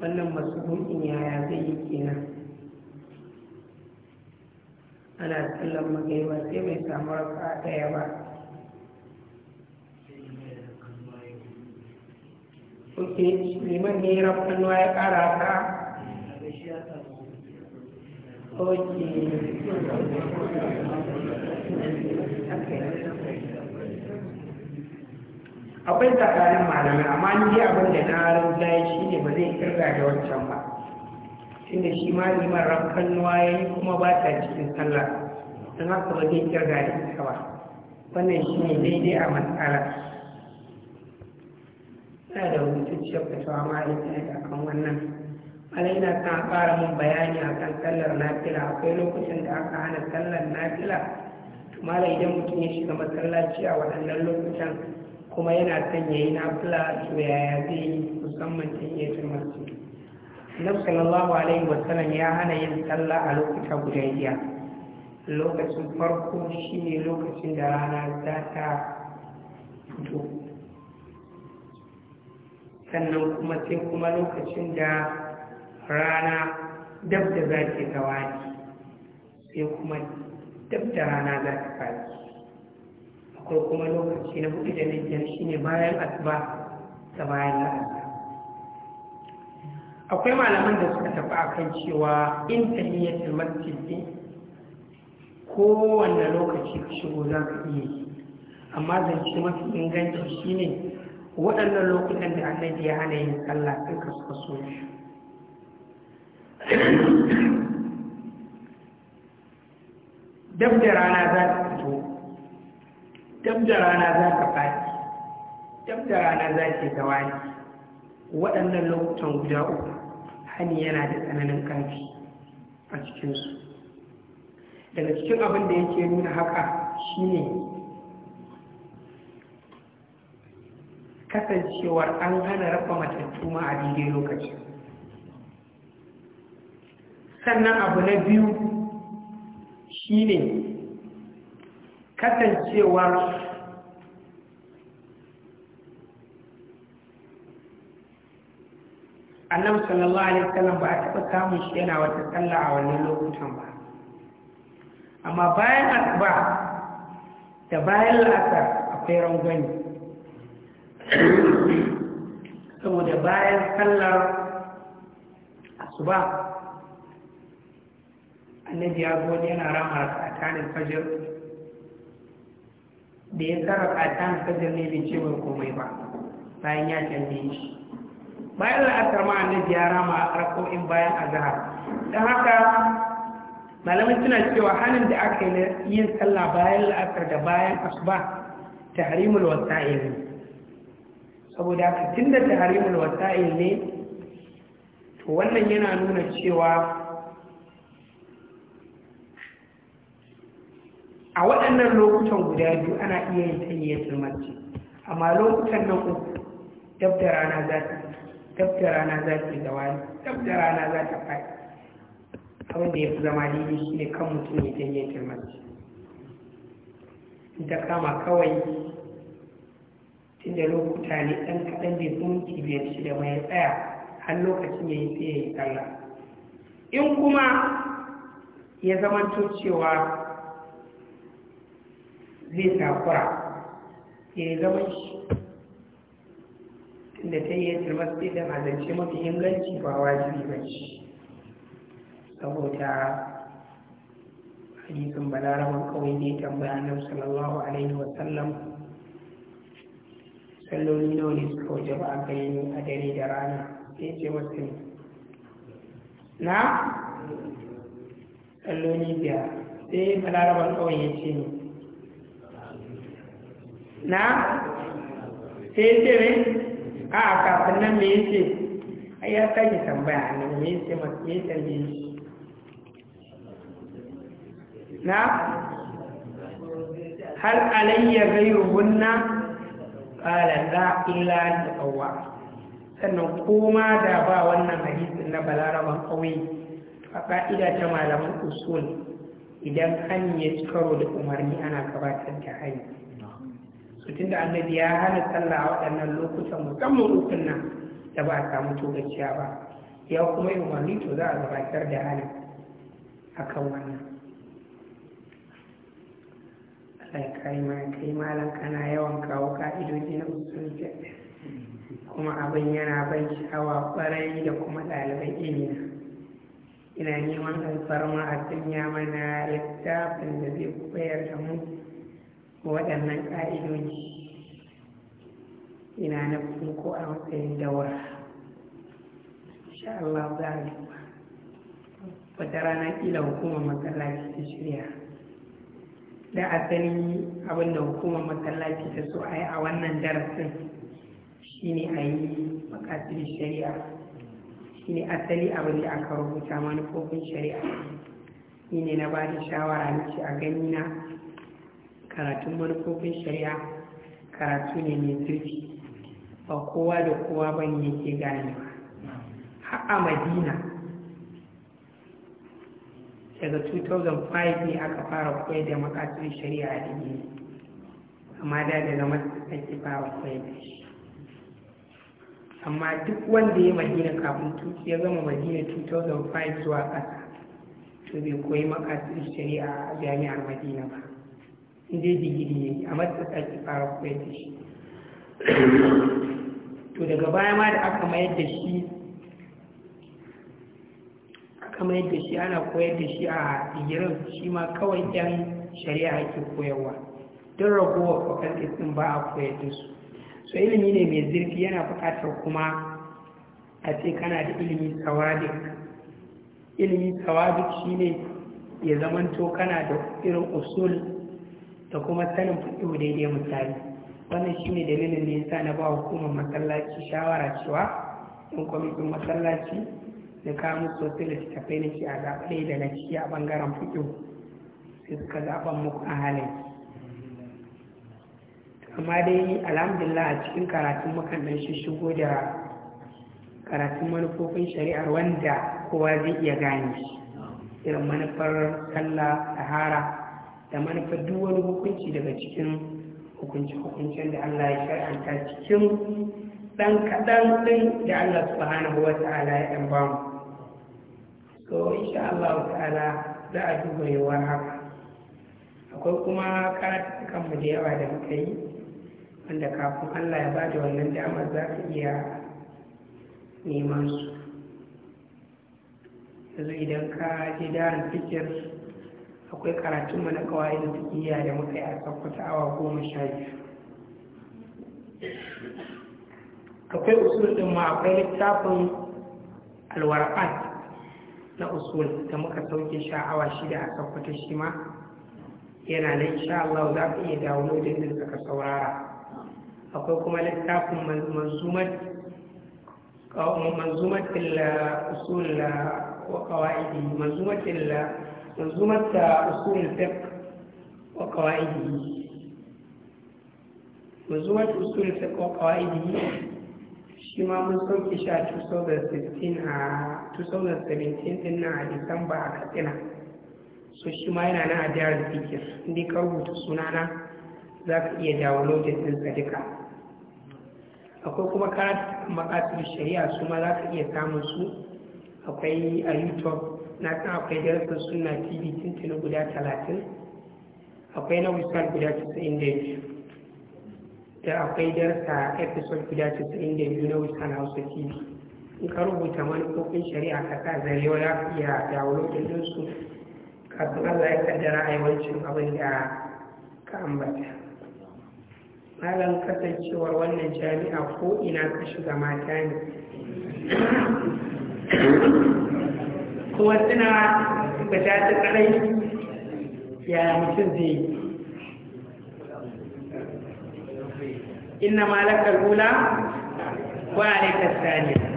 wannan masu hukun yaya zai yi kenan ana sallan magaiwa sai mai samu raka ɗaya ba ok liman ne ya rafa ya ƙara ka Akwai tsakanin malamai, amma ni abin da na ya shi ne ba zai kirga da wancan ba. Tunda shi ma malamin rafkan yi kuma ba ta cikin sallah, don haka ba zai kirga da ita ba. Wannan shi ne daidai a matsala. Na da rubutacciyar fatawa ma a kan wannan. alaina ta fara mun bayani akan sallar nafila akwai lokacin da aka hana sallar nafila tumala idan mutum ya shiga masallaci a waɗannan lokutan kuma yana son ya yi nafila to yaya zai yi musamman ta iya jimarci nan sallallahu alaihi wasallam ya hana yin sallah a lokuta guda biya lokacin farko shine lokacin da rana za ta fito sannan kuma sai kuma lokacin da rana dab da za ke tawaki sai kuma dab da rana za ta faɗi akwai kuma lokaci na hudu da nijiyar shi ne bayan asuba da bayan la'asa akwai malaman da suka tafi a kan cewa in tahiyyatul masjid ne kowanne lokaci ka shigo za ka iya yi amma zance mafi inganci shine waɗannan lokutan da annabi ya hana yin sallah sun kasu kaso biyu dab da rana za ta fito dab da rana za ka faɗi dab da rana za ke tawani waɗannan lokutan guda uku hani yana da tsananin ƙarfi a cikinsu daga cikin abin da yake nuna haka shine kasancewar an hana raba matattu ma a daidai lokaci sannan abu na biyu shine kasancewa nan sallallahu alaihi wasallam ba a taɓa samun shi yana wata sallah a wani lokutan ba amma bayan asuba da bayan la'asar akwai rangwani saboda bayan sallar asuba annabi ya zo yana rama rakatan fajr da ya tsara rakatan fajr ne bai ce mai komai ba bayan ya canje shi bayan la'asar ma annabi ya rama rako'in bayan azhar don haka malamai suna cewa hannun da aka yi yin sallah bayan la'asar da bayan asuba tahrimul wasa'il ne saboda haka tunda tahrimul wasa'il ne to wannan yana nuna cewa a waɗannan lokutan guda biyu ana iya yin taniyar sulmanci amma lokutan na uku dab da rana za ta dab da rana za ta da rana za ta faɗi abin da ya fi zama daidai shi ne kan mutum ya taniyar sulmanci da kama kawai tunda lokuta ne ɗan kaɗan bai fi minti biyar da mai tsaya har lokacin ya yi tsaye ya yi in kuma ya zamanto cewa zai takura ya zama shi tunda ta yi yadda masu da mazance mafi inganci ba wajibi ba shi saboda hadisin balaraban kawai ne tambaya nan sallallahu alaihi wasallam salloli nawa ne suka waje ba a kai ne a dare da rana sai ce wasu ne na salloli biyar sai balaraban kawai ya ce ne. na sai ce a kafin nan me yace ai ya sake tambaya nan me yace ma me tambaye na hal alayya ghayruhunna qala la illa taqwa sannan koma da ba wannan hadisin na balaraban kauye a ka'ida ta malaman usul idan hanyar karo da umarni ana gabatar da hanyar su tunda annabi ya hana sallah a waɗannan lokutan musamman rufin nan da ba a samu togaciya ba ya kuma yi umarni to za a gabatar da hana a kan wannan Allah kai ma kai malam kana yawan kawo ka'idoji na usul kuma abin yana ban sha'awa ƙwarai da kuma ɗalibai ilimi ina neman alfarma a sanya mana littafin da zai koyar da mu waɗannan ƙa'idoji ina na ko a matsayin daura insha Allah za a duba wata rana ƙila hukumar masallaci ta shirya da asali abinda hukumar masallaci ta so a yi a wannan darasin shine a yi makasir shari'a shine asali abin da aka rubuta manufofin shari'a Shi ne na ba da shawara na a gani na karatun manufofin shari'a karatu ne mai zurfi ba kowa da kowa ban yake gane ba ha'a madina daga 2005 ne aka fara koyar da makasar shari'a a digiri amma da daga ake fara koyar da shi amma duk wanda ya madina kafin ya zama madina 2005 zuwa ƙasa to bai koyi makasar shari'a a jami'ar madina ba inda digiri ya yi a matsar fara koyar da shi to daga baya ma da aka mayar da shi aka mayar da shi ana koyar da shi a digirin shi ma kawai yan shari'a ake koyarwa don ragowar fakaltis din ba a koyar da su so ilimi ne mai zirfi yana bukatar kuma a ce kana da ilimi tsawadik ilimi tsawadik shine ya zamanto kana da irin usul da kuma sanin fiƙihu daidai misali wannan shine dalilin da yasa na ba hukumar masallaci shawara cewa in kwamitin masallaci da kawo sosai da littattafai na ke a zaɓe da na ciki a ɓangaren fiƙihu sai suka zaɓan muku a halin amma dai alhamdulillah a cikin karatun mukan ɗan shi shigo da karatun manufofin shari'ar wanda kowa zai iya gane shi irin manufar sallah sahara. da manufar duk wani hukunci daga cikin hukunci hukuncin da Allah ya shar'anta cikin ɗan kaɗan ɗin da Allah subhanahu wa ta'ala ya ɗan ba mu so insha Allah ta'ala za a duba yawan haka akwai kuma mu da yawa da muka yi wanda kafin Allah ya ba da wannan damar za ka iya neman su yanzu idan ka ji darin fikir akwai karatun mana na kawai da iya da muka yi a sakwata awa goma sha biyu akwai usul din ma akwai littafin alwar'at na usul da muka sauke sha awa shida a sakwata shi ma yana na insha Allah za ka iya dawo din da ka saurara akwai kuma littafin manzumat منظومة الأصول وقواعده منظومة منظومة أصول الفقه وقواعده منظومة أصول الفقه وقواعده شما من صوت شاء 2016 din a Disamba a Katsina so shi ma yana na a jihar Zikir inda ka rubuta sunana za ka iya downloading din sa duka akwai kuma karatu makasir shari'a su ma za ka iya samun su akwai a YouTube na san akwai darasin suna tv tuntuni guda talatin akwai na wisal guda casa'in da biyu da akwai darsa episode guda casa'in da biyu na wisal hausa tv in ka rubuta manufofin shari'a ka sa zare wala ka iya da ɗinsu kafin allah ya kaddara aiwancin abin da ka ambata malam kasancewar wannan jami'a ko ina ka shiga mata ne ko suna ba ta ta kadai ya mutum zai inna malakar gula a rikar tsariya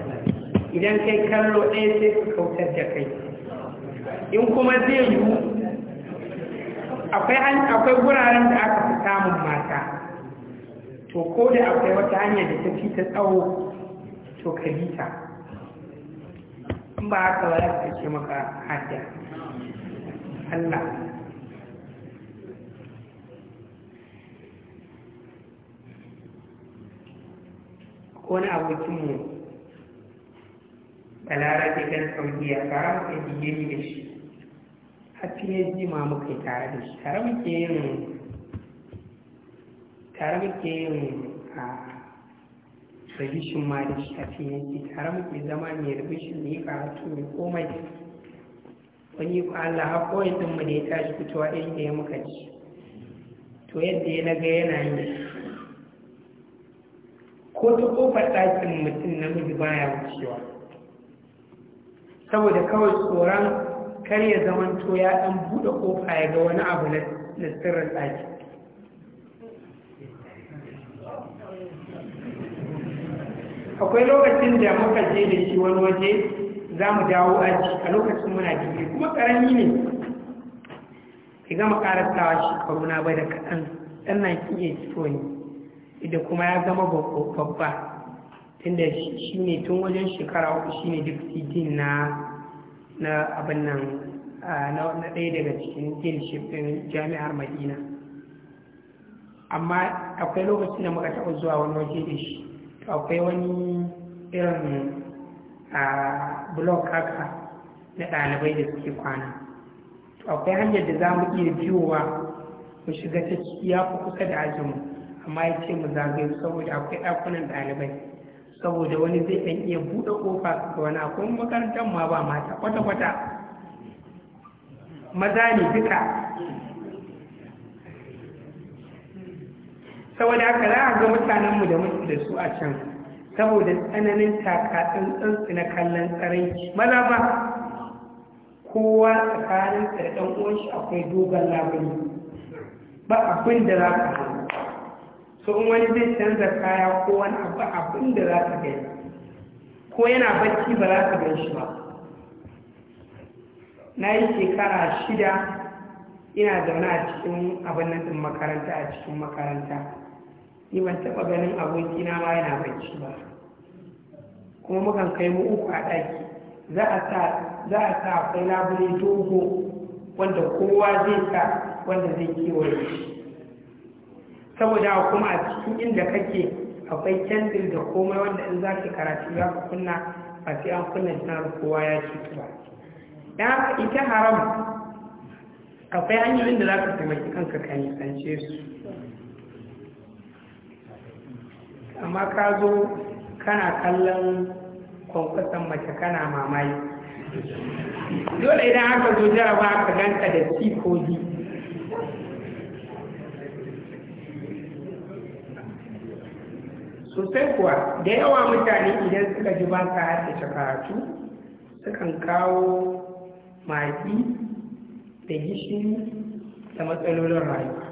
idan kai kallo ɗaya sai su kautar da kai in kuma zai yi akwai wuraren da aka fi samun mata to ko da akwai wata hanyar da ta fi ta tsawo to ka bita. in ba haka ba ya ka ce maka hajja Allah wani abokinmu kan sauki saudiya fara muka yi digiri da shi har ji ma muka yi tare da shi tare muke yin tare muke yin a ah, revision ma da shi a cikin yanki tare muke zama mai revision ne hatu mai komai wani ko Allah ha kawai din mu da ya tashi fitowa irin da ya muka ci to yadda ya naga yana yi ko ta kofar ɗakin mutum namiji baya wucewa saboda kawai tsoron kar ya zamanto ya ɗan buɗe kofa ya ga wani abu na sirrin ɗakin akwai lokacin da muka je da shi wani waje za mu dawo aji a lokacin muna digiri kuma karami ne ki gama karatawa shekaru na bai da kaɗan ɗan nan ki iya ciko ne idan kuma ya zama babba shi ne tun wajen shekara uku shi ne diptidin na na abin nan na ɗaya daga cikin din jami'ar madina amma akwai lokacin da muka taɓa zuwa wani waje da shi akwai wani irin a blog haka na ɗalibai da suke kwana akwai hanyar da za mu iya biyowa mu shiga ta ciki ya fi kusa da ajinmu amma ya ce mu zagaye saboda akwai ɗakunan ɗalibai saboda wani zai ɗan iya buɗe ƙofa ga wani akwai makarantar ma ba mata kwata-kwata maza ne duka saboda haka za a ga mutanenmu da muke da su a can saboda tsananin takatsun tsantsi na kallon tsaranci maza ba kowa tsakanin da ɗan uwanshi akwai dogon labari ba abin da za ka hannu so in wani zai canza kaya ko wani abu abin da za ka gani ko yana bacci ba za ka gan shi ba na yi shekara shida ina zaune a cikin abin nan makaranta a cikin makaranta ni ban taɓa ganin abokina ma yana bacci ba kuma mukan kai mu uku a ɗaki za a sa akwai labule dogo wanda kowa zai sa wanda zai kewaye shi saboda kuma a cikin inda kake akwai kyandir da komai wanda in za ka karatu za ka kunna ba sai an kunna jinar kowa ya cutu ba dan haka ita haram akwai hanyoyin da za ka taimaki kanka ka nisance su amma ka zo kana kallon kwankwason mace kana mamaye dole idan aka zo jaraba aka ganta da c ko sosai kuwa da yawa mutane idan suka ji ba sa haɗe karatu sukan kawo maki da gishiri da matsalolin rayuwa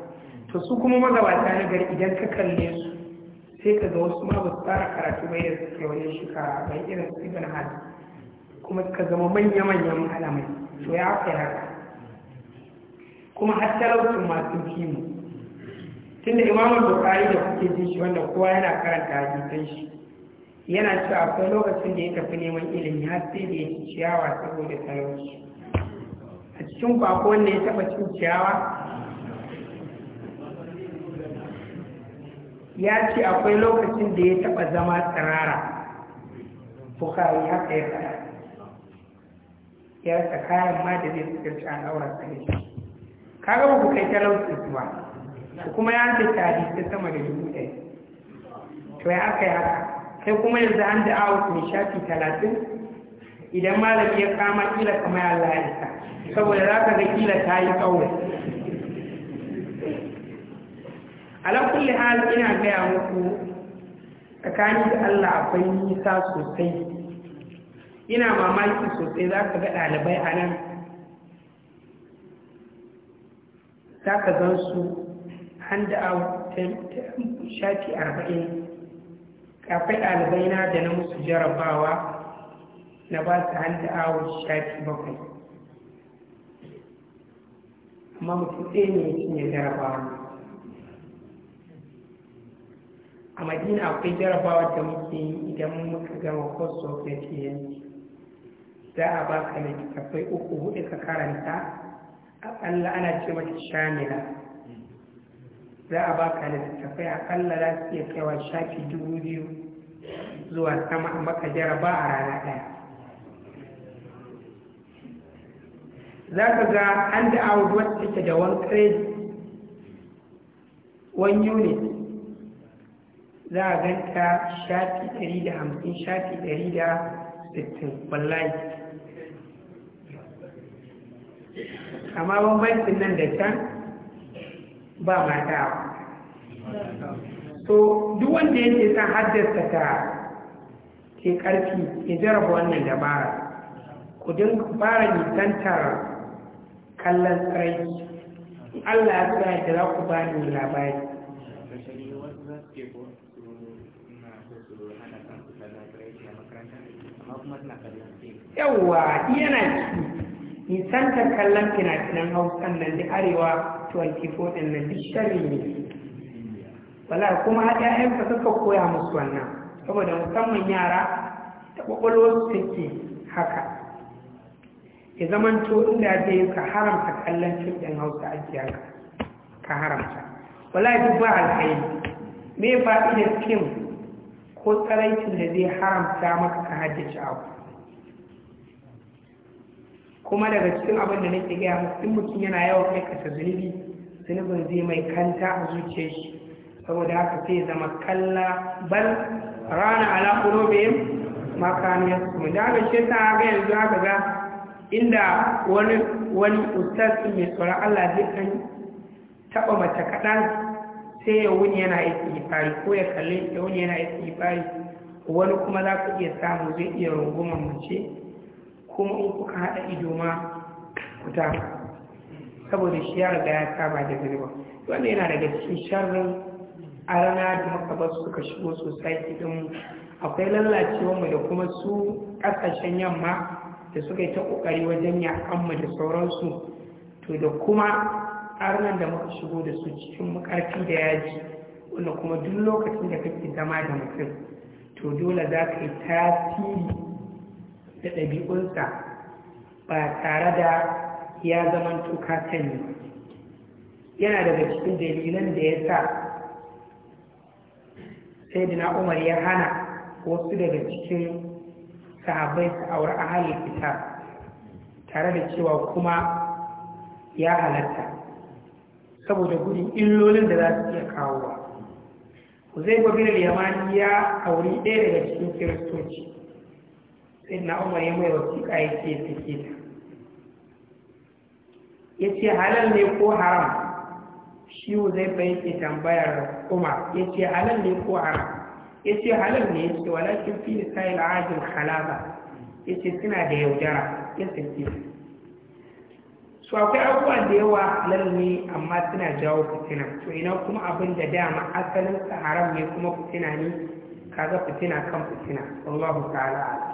to su kuma magabata na gari idan ka kalle su sai ka ga wasu ma ba su tsara karatu bai da suke wani shekara bai irin Stephen Hall kuma ka zama manya-manyan malamai to ya haka ya haka kuma har talaucin masu kimu tunda imamun bukari da kuke ji shi wanda kowa yana karanta hadisan shi yana cewa akwai lokacin da ya tafi neman ilimi har sai da ya ci ciyawa saboda talauci a cikin kwako wanda ya taba cin ciyawa ya ce akwai lokacin da ya taɓa zama tsirara bukari haka ya fara ya ta kayan ma da zai fuskarci an aura ne ka ba ku kai talauci ba kuma ya ta tari ta sama da dubu ɗaya to ya aka ya sai kuma yanzu an da awa mai shafi talatin idan malami ya kama kila kamar Allah ya isa saboda za ka ga kila ta yi kawai ala kulli hal ina gaya muku tsakani da Allah akwai nisa sosai ina mamaki sosai za ka ga ɗalibai a nan za ka zan su handa out shafi arba'in kafin ɗalibai na da na musu jarabawa na ba su handa out shafi bakwai amma mutum ɗaya ne ya jarabawa a madina akwai jarabawa da muke yi idan muka gama course of the za a ba ka littattafai uku hudu ka karanta akalla ana ce mata shamila za a ba ka littattafai akalla za su iya kaiwa shafi dubu biyu zuwa sama a maka jaraba a rana daya za ka ga an da abubuwan take da wani credit wani unit za a ganta shafi ɗari da hamsin shafi ɗari da sittin wallahi amma bambancin nan da can ba mata so duk wanda yake san haddasa ta ke ƙarfi ya jarraba wannan dabara ku dinga fara nisantar kallon tsirai Allah ya tsaya da za ku bani labari yawwa yana ciki ta kallon fina-finan hausan nan da arewa 24 din nan duk shari ne wala kuma ƴaƴan ka suka koya musu wannan saboda musamman yara ta ƙwaƙwalwarsu take haka ya zamanto inda zai ka haramta kallon cikin hausa a ka haramta wala duk ba alhaini me ina fim ko tsaraicin da zai haramta maka ka hajji abu kuma daga cikin abin da nake gaya musu in mutum yana yawan aikata zunubi zunubin zai mai kanta a zuciyar shi saboda haka sai zama kalla bal rana ala qulubihim ma kanu da ga shi ta ga yanzu haka ga inda wani wani ustaz mai tsara Allah zai kan taba mace kaɗan sai ya wuni yana istighfari ko ya kalli ya wuni yana istighfari wani kuma za ku iya samu zai iya rungumar mace kuma in kuka haɗa ido ma ku ta saboda shi ya riga ya saba da zunuba wanda yana daga cikin sharrin arana da su suka shigo sosai idan akwai mu da kuma su ƙasashen yamma da suka yi ta ƙoƙari wajen mu da sauransu to da kuma Karnan da muka shigo da su cikin makarfi da yaji wanda kuma duk lokacin da kake zama da mutum to dole za ka yi tasiri da ɗabi'unsa ba tare da ya zama tuka sani yana daga cikin dalilan da ya sa sai dina umar ya hana wasu daga cikin sahabbai su aure a halin fita tare da cewa kuma ya halatta saboda gudun illolin da za su iya kawo ba. zai gwabin yamani ya auri ɗaya daga cikin kiristoci sai na umar ya mai wasiƙa ya ce sake ta ya ce halal ne ko haram shi zai bai ke tambayar kuma. ya ce halal ne ko haram ya ce halal ne ya ce walakin fi nisa'il ajin halaba ya ce suna da yaudara ya sake su su akwai abubuwa da yawa lalle amma suna jawo fitina to ina kuma abin da dama asalin sa haram ne kuma fitina ne kaga fitina kan fitina wallahu ta'ala